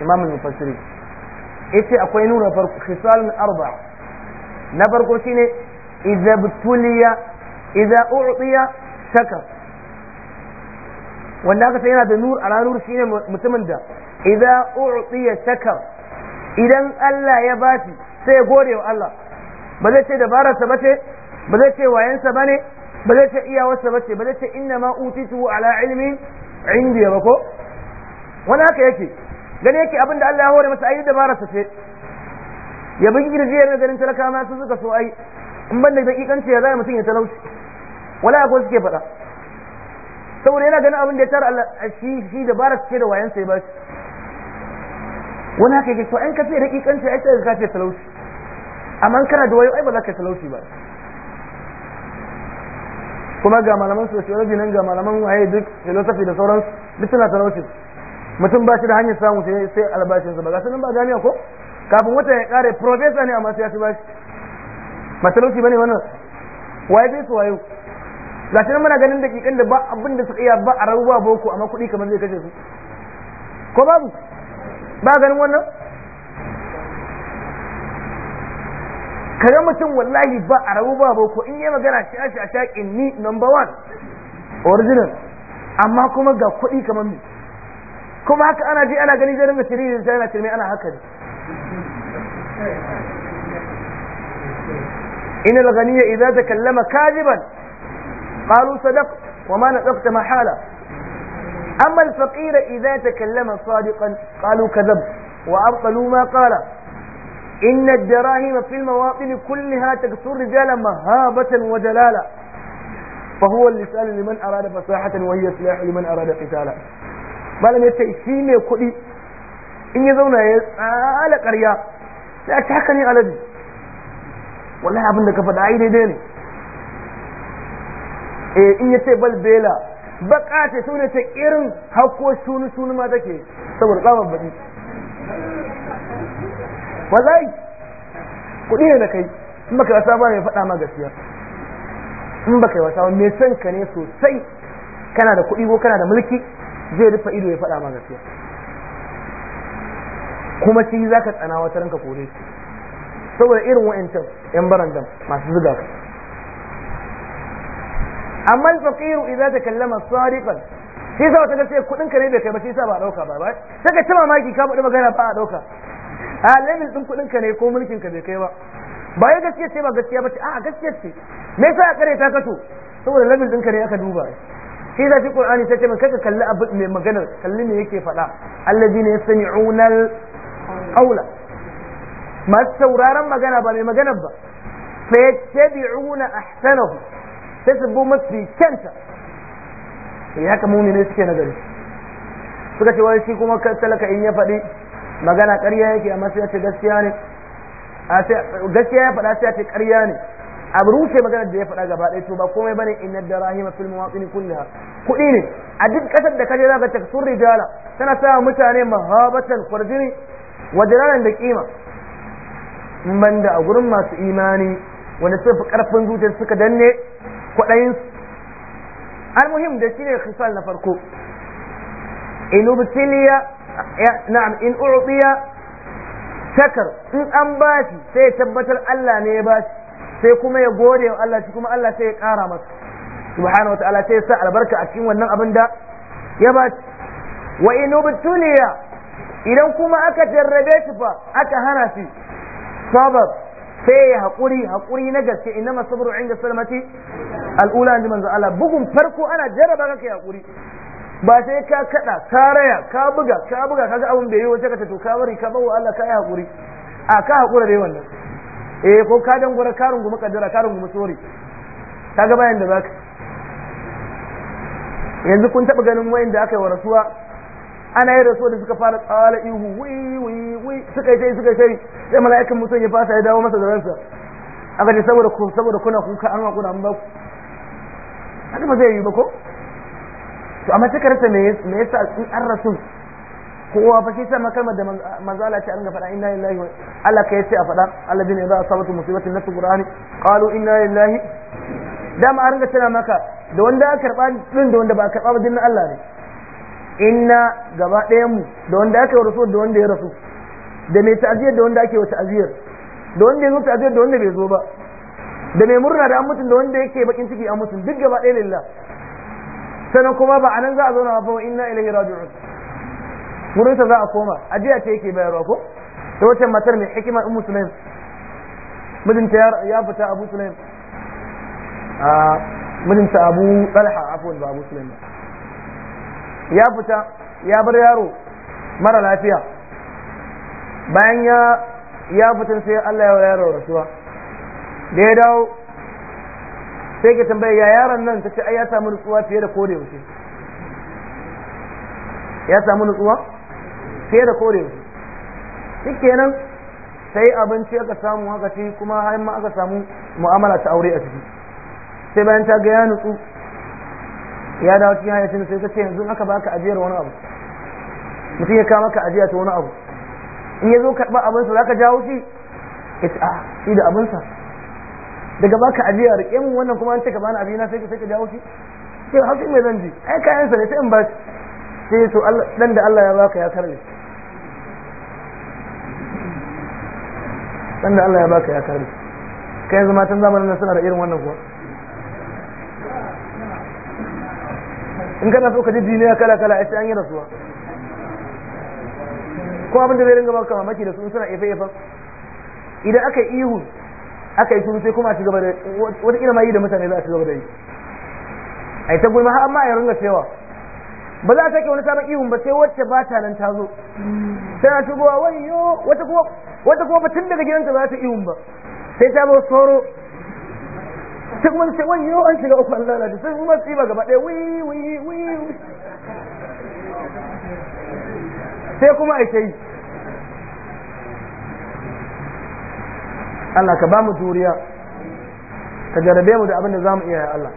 imam al-mufassiri yace akwai nuna farko khisal arba na farko shine idza butuliya idza u'tiya shakar wanda aka sai yana da nur ala nur shine mutumin da idza u'tiya shakar idan Allah ya bashi sai ya gode wa Allah ba zai ce dabararsa ba ce ba zai ce wayansa bane ba zai ce iyawarsa ba ba zai ce inna ma utitu ala ilmi indiya ba ko wani haka yake gani yake abinda Allah ya hore masa ayi da sa ce ya bin girje yana ganin talaka ma su suka so ai in ban da dakikanci ya zai mutun ya talauci wala ko suke faɗa saboda yana ganin abinda ya tara Allah shi shi dabara ce da wayan sai ba shi wani haka yake to an ka ce dakikanci ai sai ka ce talauci amma kana da wayo ai ba za ka talauci ba kuma ga malaman sociology nan ga malaman waye duk philosophy da sauran duk suna talaucin mutum ba shi da hanyar samu sai albashinsa ba ga sunan ba jami'a ko kafin wata ya kare professor ne amma sai ya ci bashi ba bane wannan waye bai su wayo ga muna ganin da dakikan da ba abin da suka iya ba a ba boko amma kuɗi kamar zai kashe su ko babu ba ganin wannan kaga mutum wallahi ba a rabu ba boko in yi magana shi ashi a shaƙin ni number one original amma kuma ga kuɗi kamar mi kuma haka ana ji ana gani zai ringa sirri da yana tirmi ana haka ne إن الغني إذا تكلم كاذبا قالوا صدق وما نطقت محالة أما الفقير إذا تكلم صادقا قالوا كذب وأبطلوا ما قال إن الدراهم في المواطن كلها تكسر الرجال مهابة وجلالة فهو اللسان لمن أراد فصاحة وهي سلاح لمن أراد قتالا malam ya ce shi ne kuɗi in ya zauna ya tsala ƙarya sai a ci haka ne alaji ka faɗa ai ne in ya ce bal bela baka ce ta irin hako sunu sunu ma take saboda tsabar baɗi ba za yi kuɗi ne na kai in baka wasa ba ne faɗa ma gaskiya in baka wasa ba mai son ka ne sosai kana da kuɗi ko kana da mulki zai rufe ido ya faɗa ma gaskiya kuma shi za ka tsana wata ranka kore shi saboda irin wa'ancan yan barandan masu zuga ka amma faqiru idza takallama sarifan shi yasa wata gaskiya kuɗin ka ne bai kai ba shi sa ba a ɗauka ba ba sai ka ci mamaki ka faɗi magana ba a ɗauka a lemin din kudin ka ne ko mulkin ka bai kai ba ba ya gaskiya ce ba gaskiya ba ce a gaskiya ce me yasa kare ta kato saboda labil din ka ne aka duba shi da fi qur'ani ta ce min kaka kalli abu mai maganar kalli me yake faɗa ya yastami'una al-qawla masu sauraron magana ba mai magana ba fa yattabi'una ahsanahu sai su bu mafi kyanta ya kama ne suke nagari suka ce wai shi kuma talaka in ya faɗi magana ƙarya yake amma sai ya ce gaskiya ne gaskiya ya faɗa sai ce ƙarya ne a rushe magana da ya faɗa gaba ɗaya to ba komai bane inna darahima fil mawaqini kullaha kuɗi ne a duk ƙasar da kaje zaka ta sun rijala tana sa mutane mahabatan kwarjini wa diraran da kima banda a gurin masu imani wanda suka fi karfin zuciyar suka danne kwaɗayin almuhim da shine khisal na farko inubtiliya na'am in u'tiya shakar in an bashi sai ya tabbatar Allah ne ya bashi sai kuma ya gode wa Allah shi kuma Allah sai ya kara masa subhanahu wataala sai ya sa albarka a cikin wannan abin da ya shi wa in ubtuliya idan kuma aka jarrabe shi fa aka hana shi sabar sai ya haƙuri haƙuri na gaske inna masabru inda salmati al'ula inda manzo Allah bugun farko ana jarraba ka kai haƙuri ba sai ka kada ka raya ka buga ka buga kaga abin bai yi wace ka to ka bari ka bawa Allah ka yi hakuri a ka hakura dai wannan eh ko ka gura ka gumu kaddara ka gumu sori ga bayan da baka yanzu kun taba ganin wayan da aka yi wa rasuwa ana yi rasuwa da suka fara tsawala ihu wi wi wi suka yi tai suka sai sai mala'ikan mutum ya fasa ya dawo masa da ransa aka ce saboda ku saboda kuna kuka an hakura an ba ku haka ba zai yi ba ko to amma suka rasa me yasa in an rasul kowa fa shi sama kalmar da manzo Allah ta ringa faɗa inna lillahi wa Allah kai sai a fada alladina idza asabatu musibatin nasu qur'ani qalu inna lillahi da ma ringa tana maka da wanda aka karba din da wanda ba karba ba na Allah ne inna gaba ɗaya mu da wanda aka rasu da wanda ya rasu da mai ta'aziyar da wanda ake wa ta'aziyar da wanda ya zo ta'aziyar da wanda bai zo ba da mai murna da an mutum da wanda yake bakin ciki an mutum duk gaba ɗaya lillahi sannan kuma ba anan za a zauna ba wa inna ilaihi raji'un wurin ta za a koma ajiya ce yake bayarwa ko ta wace matar mai hikima in musulmi mijinta ya fita abu sulaim a ah, mijinta abu talha afwan ba abu sulaim ya fita ya bar yaro mara lafiya bayan ya ya fita sai Allah ya yaro rasuwa da ya dawo sai ka tambaya ya yaron nan ta ce ai ya samu nutsuwa fiye da kore yaushe ya samu nutsuwa fiye da kore yaushe shikenan sai abinci aka samu haka ci kuma har ma aka samu mu'amala ta aure a ciki sai bayan ta ga ya nutsu ya dawo cikin hayacin sai ta ce yanzu aka baka ajiyar wani abu mutum ya kawo maka ajiya ta wani abu in ya zo karɓa abinsa za ka jawo shi ya ce a ah, shi da abinsa daga baka ajiya rike mu wannan kuma an ce ka bani abina sai ka sai ka jawo shi sai haushi mai zan ji ai kayan sa ne sai in ba sai to Allah dan da Allah ya baka ya karbe dan da Allah ya baka ya karbe kai yanzu tun zamanin nan suna da irin wannan kuwa in kana so ka ji duniya kala kala ai sai an yi rasuwa ko abin da zai ringa baka mamaki da su suna ife efen idan aka yi ihu aka yi shiru sai kuma a ci gaba da wata kila mai yi da mutane za a ci gaba da yi a yi ta gulma har amma ya ringa cewa ba za a sake wani sabon ihun ba sai wacce ba ta nan ta zo tana shigowa wayo wata kuma wata kuma ba tun daga gidanta ba za ta ihun ba sai ta zo soro sai kuma sai wayo an shiga uku an lalace sai kuma tsiba gaba ɗaya wi wi wi sai kuma a yi Allah ka ba mu juriya ka jarabe mu da abin da zamu iya ya Allah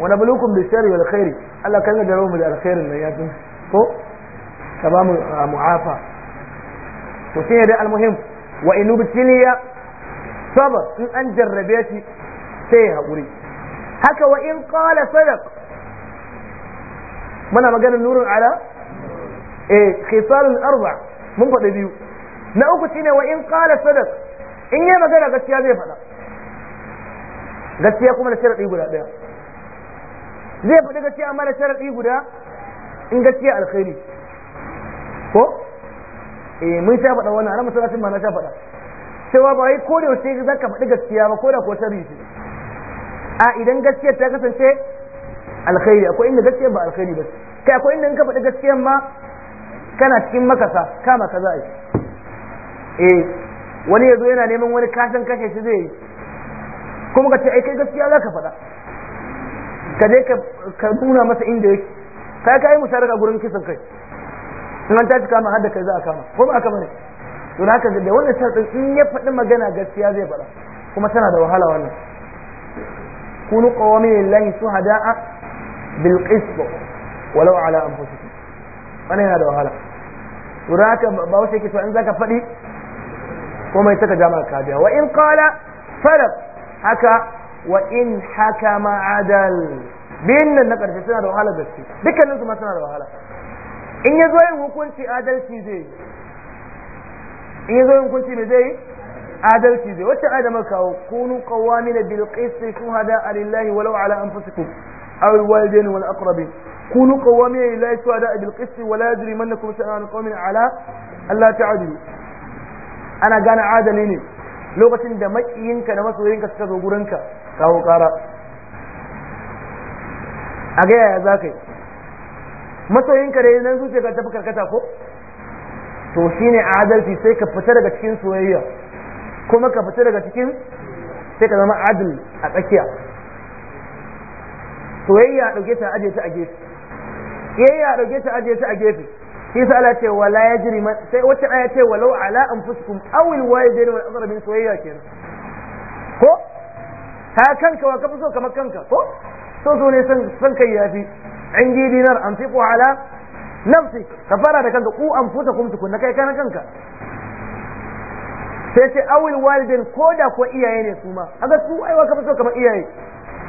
wa nabluukum bis-sharri wal khairi Allah kan ga mu da alkhairin nan ya tun ko ka ba mu mu'afa to sai da almuhim wa inubtiliya sabr in an jarrabe shi sai haƙuri haka wa in qala sadaq muna maganar nurin ala eh khisalun arba mun faɗa biyu na uku shine wa in qala sadaq in yi magana gaskiya zai faɗa gaskiya kuma da sharaɗi guda ɗaya zai faɗi gaskiya amma da sharaɗi guda in gaskiya alkhairi ko eh mun sha faɗa wannan alamun masallacin ma na sha faɗa cewa ba wai ko da yaushe za ka faɗi gaskiya ba ko da ko sharri ce a idan gaskiya ta kasance alkhairi akwai inda gaskiya ba alkhairi ba kai akwai inda in ka faɗi gaskiya ma kana cikin makasa kama kaza ai eh wani ya zo yana neman wani kasan kashe shi zai yi kuma ka ce ai kai gaskiya za ka faɗa ka je ka nuna masa inda yake kai kai musaraka gurin kisan kai in an tashi kama hadda kai za a kama ko ba kama ne? to haka da wannan sai in ya faɗi magana gaskiya zai faɗa kuma tana da wahala wannan kunu qawmi lillahi suhada'a bil qist walau ala anfusikum wannan yana da wahala to haka ba wace yake to in zaka faɗi kuma ita ka jama ka biya wa in kala farq haka wa in hakama adal bin nan na karshe suna da wahala gaske dukkanin su ma suna da wahala in ya zo yin hukunci adalci zai yi in ya zo yin hukunci me zai yi adalci zai wacce adama kawo kunu qawamina bil qist shuhada lillahi walau ala anfusikum aw al walidain wal aqrabin كونوا قوامين لله شهداء بالقسط ولا يجرمنكم شنآن قوم على ألا تعدلوا ana gane adali ne lokacin da makiyinka da masoyinka suka zo gurinka kawo kara a ga yaya za ka yi masoyinka da nan zuciya ka tafi karkata ko to shine adalci sai ka fita daga cikin soyayya kuma ka fita daga cikin sai ka zama adil a tsakiya soyayya a ɗauke ta aje ta a gefe a ɗauke ta aje ta a gefe shi yasa Allah ce wala yajri sai wacce aya ce walau ala anfusikum aw al walidayni wal aqrabin min soyayya kenan ko ta kanka wa kafi so kamar kanka ko so so ne san san kai an yi dinar anfiqu ala nafsi ka fara da kanka ku anfusakum na kai kana kanka sai ce aw walidin ko da ko iyaye ne su ma kaga su aiwa kafi so kamar iyaye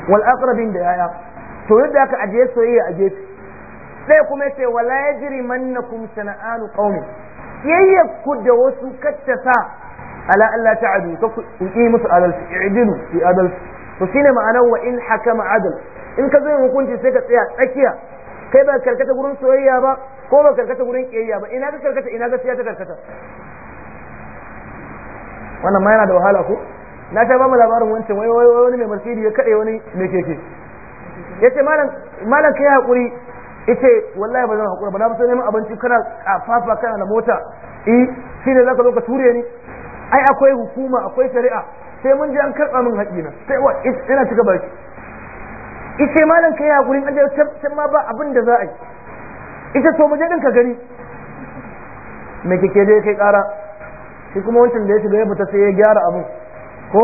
wal aqrabin da yaya to yadda aka ajiye soyayya a gefe sai kuma ce wala yajri mannakum shana'anu qaumi yayya ku da wasu kattasa ala Allah ta'adu ka ku yi musu adalci i'dilu fi adalci to shine ma'anar wa in hakama adal in ka zo hukunci sai ka tsaya tsakiya kai ba karkata gurin soyayya ba ko ba karkata gurin kiyayya ba ina ka karkata ina gaskiya ta karkata wannan ma yana da wahala ko na ta ba mu labarin wancan wai wani mai marsidi ya kade wani mai keke yace malam malam kai hakuri ita wallahi ba zan haƙura ba na fi neman abinci kana kafafa kana na mota eh shi ne zaka zo ka ture ni ai akwai hukuma akwai shari'a sai mun je an karɓa min na sai wa ina cika baki ita malam kai gurin aje can ma ba abin da za a yi ita to mu je din ka gani me kike je kai ƙara shi kuma wancan da ya shiga ya fita sai ya gyara abin ko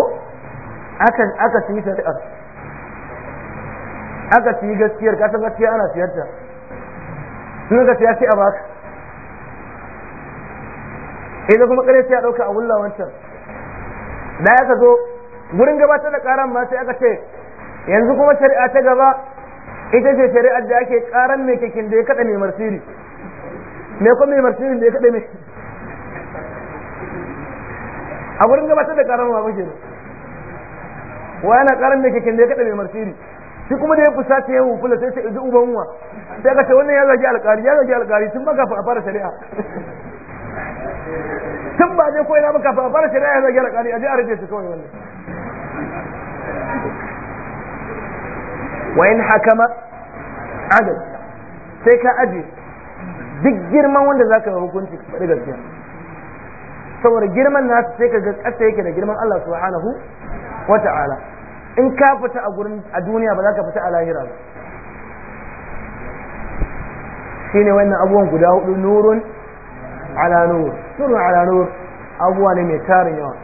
aka aka ci shari'a aka ci gaskiyar ka san gaskiya ana siyarta in ya ce a baka idan kuma kare ya a dauka a wulla wancan da ya zo wurin gabatar da karan ma sai aka ce yanzu kuma shari'a ta gaba ita ce shari'ar da ake karan mai kekin da ya kada mai marsiri me kuma mai marsiri da ya kada mai a wurin gabatar da karan ma muke wa yana karan mai kekin da ya kada mai marsiri shi kuma da ya fusata yawon fula sai sai izu uban uwa sai ka ce wannan ya zagi alkari ya zagi alkari tun ba kafin a fara shari'a tun ba je ko ina ba kafin a fara shari'a ya zagi alkari a je a rufe su kawai wannan wa in hakama adal sai ka aje duk girman wanda za ka hukunci faɗi gaskiya saboda girman na sai ka ga ƙasa yake da girman Allah subhanahu wa ta'ala in ka fita a gurin a duniya ba za ka fita a lahira ba Shi ne wannan abubuwan guda hudu nurun ala nur nurun ala nur abubuwa ne mai tarin yawa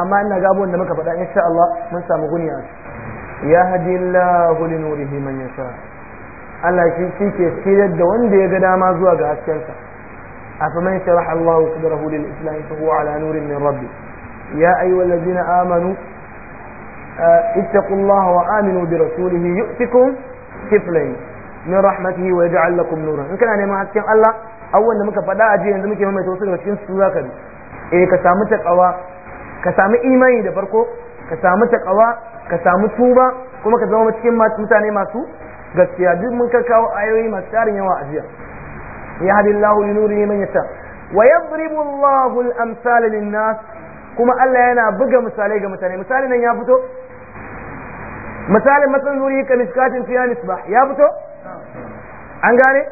amma ina ga abubuwan da muka faɗa insha Allah mun samu guniya ya haji Allahu li nurihi man yasha Allah shi shi ke tsirar da wanda ya ga dama zuwa ga haskensa afaman sharaha Allahu sadrahu lil islam fa huwa ala nurin min rabbi ya na amanu اتقوا الله وآمنوا برسوله يؤتكم كفلين min rahmatihi wa yaj'al lakum nuran in kana neman hasken Allah awwan da muka faɗa a jiya yanzu muke maimaita wasu a cikin sura ka eh ka samu taqwa ka samu imani da farko ka samu taqwa ka samu tuba kuma ka zama cikin mutane masu gaskiya duk mun ka kawo ayoyi masu tarin yawa a jiya yahdillahu li nurihi man yasha wa yadribu Allahu al-amsala lin-nas kuma Allah yana buga misalai ga mutane misalin nan ya fito misalin matsayin nuri ka miskatin fiya nisbah ya fito an gane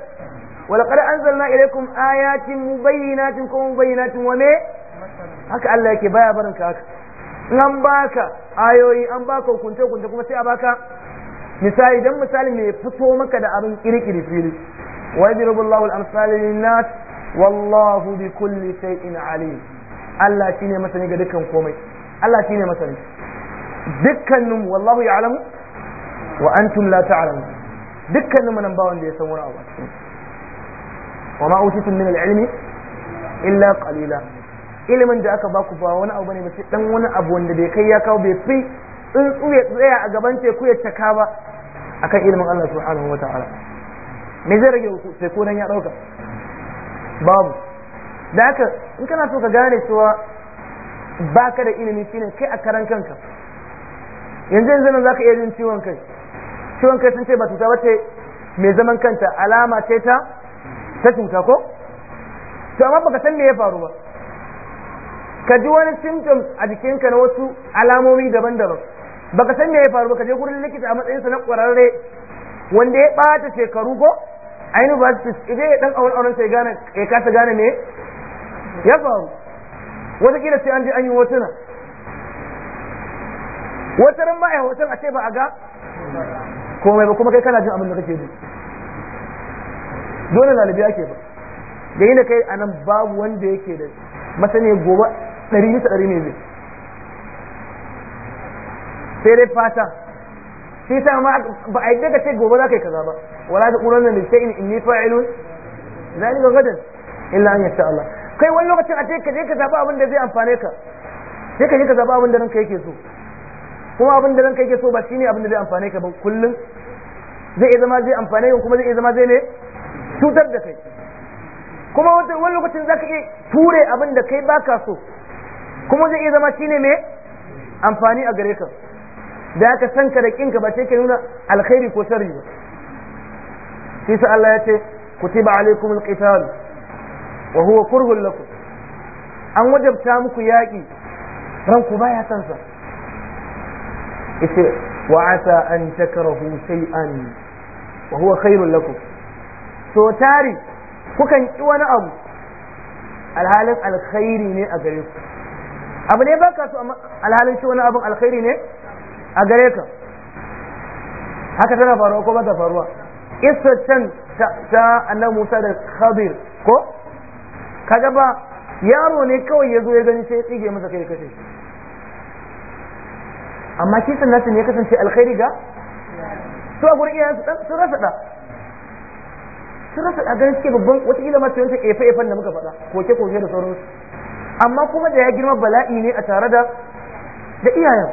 walaqad anzalna ilaykum ayatin mubayyinatin kuma mubayyinatin wa me haka Allah yake baya barin ka haka in an baka ayoyi an baka hukunce hukunce kuma sai a baka misali dan misali mai fito maka da abin kirkiri fili wa yadrubu Allahu al-amsal lin-nas wallahu bi kulli shay'in alim Allah shine masani ga dukkan komai Allah shine masani dukkaninmu wallahu ya'lamu wa antum la dukkan dukkaninmu nan ba wanda ya san wani abu wa ma utitum min al-ilmi illa qalila ilimin da aka baku ba wani abu ne ba sai dan wani abu wanda bai kai ya kawo bai fi in ya tsaya a gaban teku ya taka ba akan ilimin Allah subhanahu wa ta'ala me zai rage sai ko nan ya dauka babu da haka in kana so ka gane cewa baka da ilimi shine kai a karan kanka yanzu yanzu nan zaka iya yin ciwon kai ciwon kai sun ce ba cuta bace mai zaman kanta alama ce ta ta cuta ko to amma baka san me ya faru ba ka ji wani symptoms a jikinka na wasu alamomi daban-daban baka san me ya faru ba ka je gurin likita a matsayinsa na ƙwararre wanda ya ɓata shekaru ko a su idan ya dan auren auren sai gane ya kasa gane me ya faru wataƙila sai an je an yi hotuna wata ran ma'ai hoton a ce ba a ga komai ba kuma kai kana jin abin da kake ji dole lalibi ke ba da yi da kai a nan babu wanda yake da masani gobe ɗari bisa ɗari ne zai sai dai fata shi ta ma ba a yadda ka ce gobe za ka yi kaza ba wala da ƙuran nan da sai in ni fa'ilun ga gadan illa an yasha Allah kai wani lokacin a ce ka je ka zaba abin da zai amfane ka sai ka je ka zaba abin da ranka yake so kuma abin da ranka yake so ba ne abin da zai amfane ka ba kullum zai iya zama zai amfane ka kuma zai iya zama zai ne cutar da kai kuma wani lokacin za ka iya ture abin da kai baka so kuma zai iya zama shine mai amfani a gare ka da aka san ka da kinka ba sai ka nuna alkhairi ko sharri ba sai sa Allah ya ce kutiba alaikumul qital wa huwa kurhul lakum an wajabta muku yaki ranku baya san sa yace wa asa an takrahu shay'an wa huwa khairul lakum so tari kukan ki wani abu alhalin alkhairi ne a gare ku abu ne baka so alhalin shi wani abun alkhairi ne a gare ka haka tana faruwa ko ba ta faruwa isa can ta annabi Musa da khabir ko kaga ba yaro ne kawai ya zo ya gani sai ya tsige masa kai kashe shi amma shi ne ya kasance alkhairi ga su a gurin iyayen su sun rasa da sun rasa da ganin suke babban wata wataƙila ma yanta efe-efen da muka faɗa koke koke da sauransu amma kuma da ya girma bala'i ne a tare da da iyayen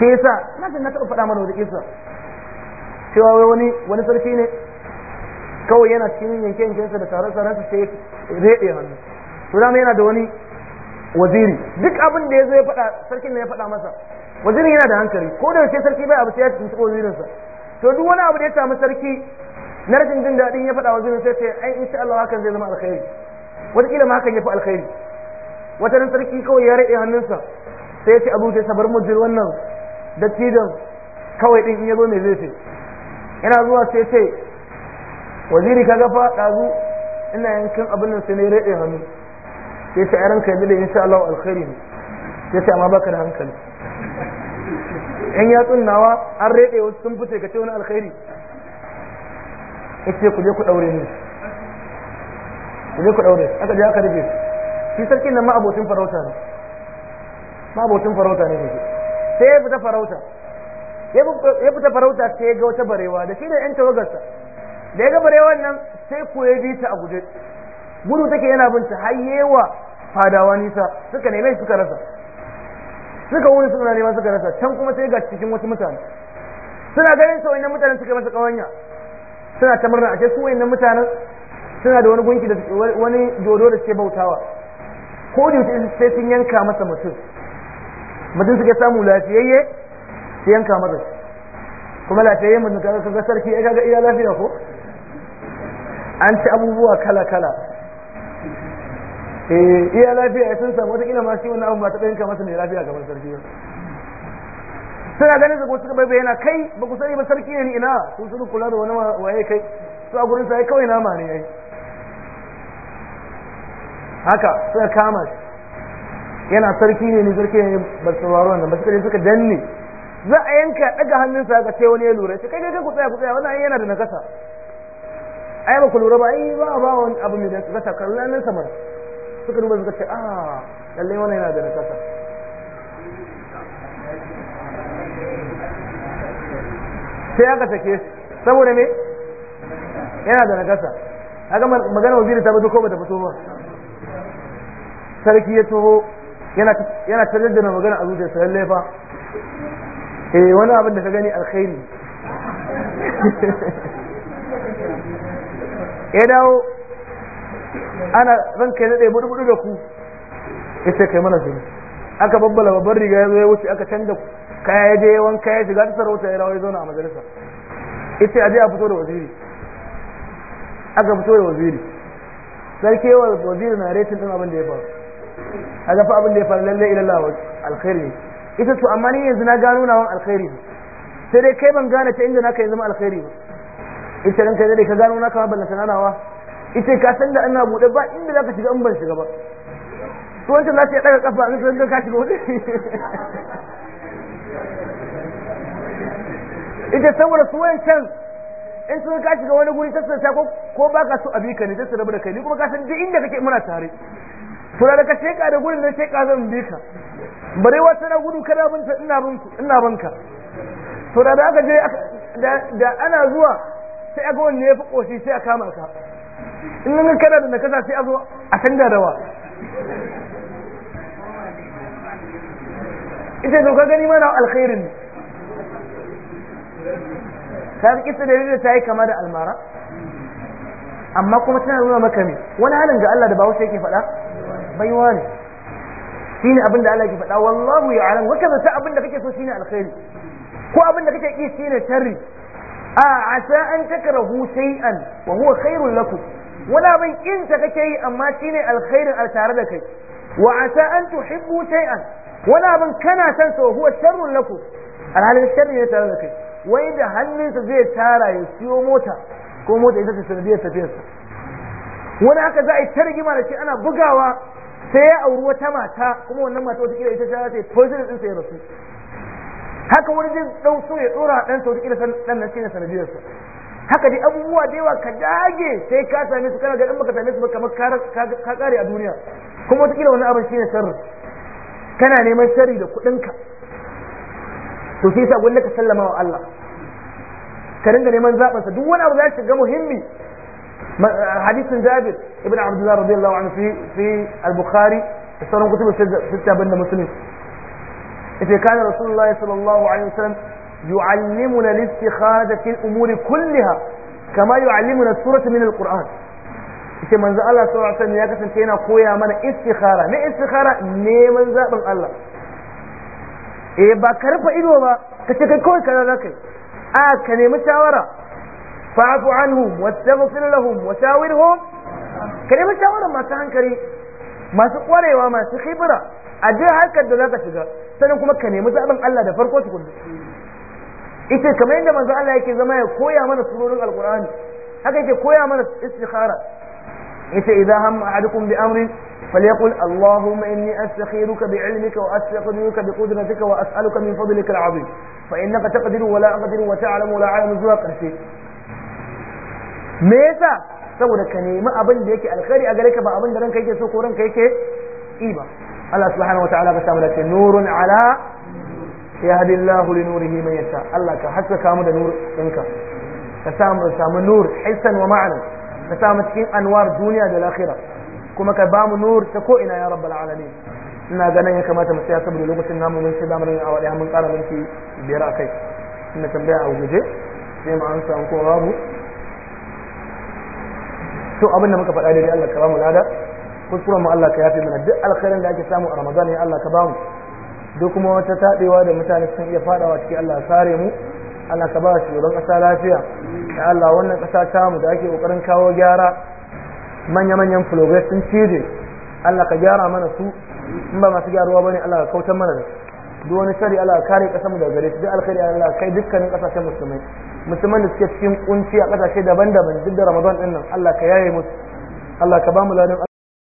Ke yasa na san na taɓa faɗa mana wata kisa cewa wai wani wani sarki ne kawai yana cikin yanke yankensa da tare tsaransa sai reɗe hannu to dama yana da wani waziri duk abin da ya zo ya faɗa sarkin ne ya faɗa masa wazirin yana da hankali ko da yake sarki bai abu sai ya wazirin sa to duk wani abu da ya samu sarki na rashin jin daɗin ya faɗa wazirin sai ce ai insha Allah hakan zai zama alkhairi wataƙila ma hakan ya fi alkhairi wata nan sarki kawai ya raɗe hannunsa sai ya ce abu sai sabar mujir wannan dattijan kawai din in ya zo mai zai ce yana zuwa sai ce waziri kaga fa ɗazu ina yankin abin nan sai ne raɗe hannu sai ce ai ranka da insha Allah alkhairi ne sai ce amma baka da hankali yan yatsun nawa an rede wasu sun fice ka ce wani alkhairi yace ku je ku daure ni ku je ku daure aka je aka rige shi sarkin nan ma abocin farauta ne ma abocin farauta ne sai ya fita farauta ya fita farauta sai ya ga wata barewa da shi da yan tawagarsa da ya ga barewan nan sai ku ya bi ta a guje gudu take yana binta ta yewa fadawa nisa suka neme suka rasa suka wuni suna nema suka rasa can kuma sai ga cikin wasu mutane suna ganin sa wayannan mutanen suka masa kawanya suna ta murna ashe su wayannan mutanen suna da wani gunki da wani dodo da suke bautawa ko da yake sai sun yanka masa mutum mutum suka samu lafiyayye su yanka masa kuma lafiyayye mutum kaga sarki ya ga iya lafiya ko an ci abubuwa kala kala eh iya lafiya ya sun samu wataƙila ma shi wannan abin ba ta ɗayan masa mai lafiya kamar sarki ba suna ganin su suka bai yana kai ba ku sani ba sarki ne ina sun sun kula da wani waye kai su a gurin sai kawai nama ne yayi haka suka kama shi yana sarki ne ni sarki ne ba su waro wannan ba suka suka danne za a yanka daga sa ga sai wani ya lura shi kai kai ku tsaya ku tsaya wannan yana da nakasa ai ba ku lura ba ai ba ba wani abu mai nakasa kallon nan samar suka duba suka ce a ah, lalle wannan yana da nasasa sai aka sake shi saboda me yana da nakasa haka magana wa ta fito ko bata fito ba sarki ya taho yana ta jaddana magana a zuciyarsa lalle fa eh wani abin da ka gani alkhairi ya dawo ana ranka ya daɗe buɗu da ku ya ce kai mana zuwa aka babbala babban riga ya zo ya wuce aka canza kaya ya je wanka ya shiga ta sarauta ya rawa ya zauna a majalisa ita aje a fito da waziri aka fito da waziri sarki wa waziri na retin din abin da ya faru a gafa abin da ya faru lalle ilalla wa alkhairi ita to amma ni yanzu na gano nawan alkhairi sai dai kai ban gane ta inda naka yanzu ma alkhairi ba ita ranka da ka gano naka ma ballanta nawa ita ka san da ana buɗe ba inda zaka shiga in ban shiga ba to wancan za ta iya ɗaga kafa in ka ka shiga wani ita saboda su wancan in sun ka shiga wani guri ta ko ko ba ka so a bi ka ne ta rabu da kai ni kuma ka san duk inda kake muna tare to da ka sheka da gurin da sheka zan bi ka bare wata na gudu kada bin ta ina bin ina banka to da aka je da ana zuwa sai aka wani ya fi koshi sai a kama ka in an kana da nakasa sai a zo a canza dawa ita to ka gani mana alkhairin ta fi kisa da ta yi kama da almara amma kuma tana nuna maka ne wani halin ga Allah da ba wasu yake faɗa baiwa ne shine abin da Allah ke faɗa wallahu ya'lam wa kaza ta abin da kake so shine alkhairi ko abin da kake ki shine sharri a asa an takrahu shay'an wa huwa khairul lakum wani abin kake yi amma shine alkhairin a tare da kai wa asa an tuhibbu shay'an wani abin kana son tsohuwar huwa sharrun lakum alhalin sharri ne tare da kai wai da hannunsa zai tara ya siyo mota ko mota ita ta sanadiyar tafiyarsa wani haka za a yi ta rigima da shi ana bugawa sai ya auri wata mata kuma wannan mata wata kila ta ya rasu haka wani zai ya dora dan sa haka dai abubuwa da yawa ka dage sai ka same su kana ga maka baka same su kamar ka kare a duniya kuma wataƙila wani abin shine sharri kana neman sharri da kuɗinka to sai sa gwanda ka sallama wa Allah ka dinga neman sa duk wani abu za shiga muhimmi eh, hadisin Jabir ibn Abdullah radiyallahu anhu fi fi al-Bukhari da sauran kutubu sitta banda Muslim ita kana Rasulullahi sallallahu alaihi wasallam يعلمنا الاستخاذة في الأمور كلها كما يعلمنا السورة من القرآن ita manzo Allah sallallahu alaihi wasallam ya kasance yana koya mana istikhara ne istikhara neman zaɓin Allah eh ba ka karfa ido ba ka ce kai kawai kaza zaka yi a ka nemi shawara fa'fu anhum wastaghfir lahum wa shawirhum ka nemi shawara masu hankali masu kwarewa masu khibra a duk harkar da zaka shiga sannan kuma ka nemi zaɓin Allah da farko tukunna ita kamar yadda manzo Allah yake zama ya koya mana surorin alqur'ani haka yake koya mana istikhara yace idan ham ahadukum bi amrin falyaqul allahumma inni astakhiruka bi ilmika wa astaghfiruka bi qudratika wa as'aluka min fadlika al'azim fa innaka taqdiru wa la aqdiru wa ta'lamu la a'lamu zuwa qarshe me yasa saboda ka nemi abin da yake alkhairi a gare ka ba abin da ranka yake so ko ranka yake iba Allah subhanahu wa ta'ala ka sa mana nurun ala yahdi Allahu li nurihi man yasha Allah ka haskaka mu da nur ɗinka ka samu samu nur hissan wa ma'ana ka samu cikin anwar duniya da lahira kuma ka bamu nur ta ko ina ya rabbal alamin ina ganin ya kamata mu tsaya saboda lokacin namu mun sai zamu rinka awa mun ƙara minti biyar akai ina tambaya a guje sai mu amsa an kuma babu to abin da muka faɗa dai Allah ka bamu lada kuskuren mu Allah ka yafe mana duk alkhairin da ake samu a Ramadan ya Allah ka bamu duk kuma wata taɗewa da mutane sun iya faɗawa cikin Allah sare mu Allah ka ba shugaban ƙasa lafiya da Allah wannan ƙasa ta mu da ake ƙoƙarin kawo gyara manya-manyan fulogai sun cije Allah ka gyara mana su in ba masu gyaruwa bane Allah ka kautar mana da duk wani shari Allah ka kare ƙasar mu daga gare su duk alkhairi Allah kai dukkanin ƙasashen musulmai musulman da suke cikin kunci a ƙasashe daban-daban duk da Ramadan ɗin nan Allah ka yaye musu Allah ka ba mu ladan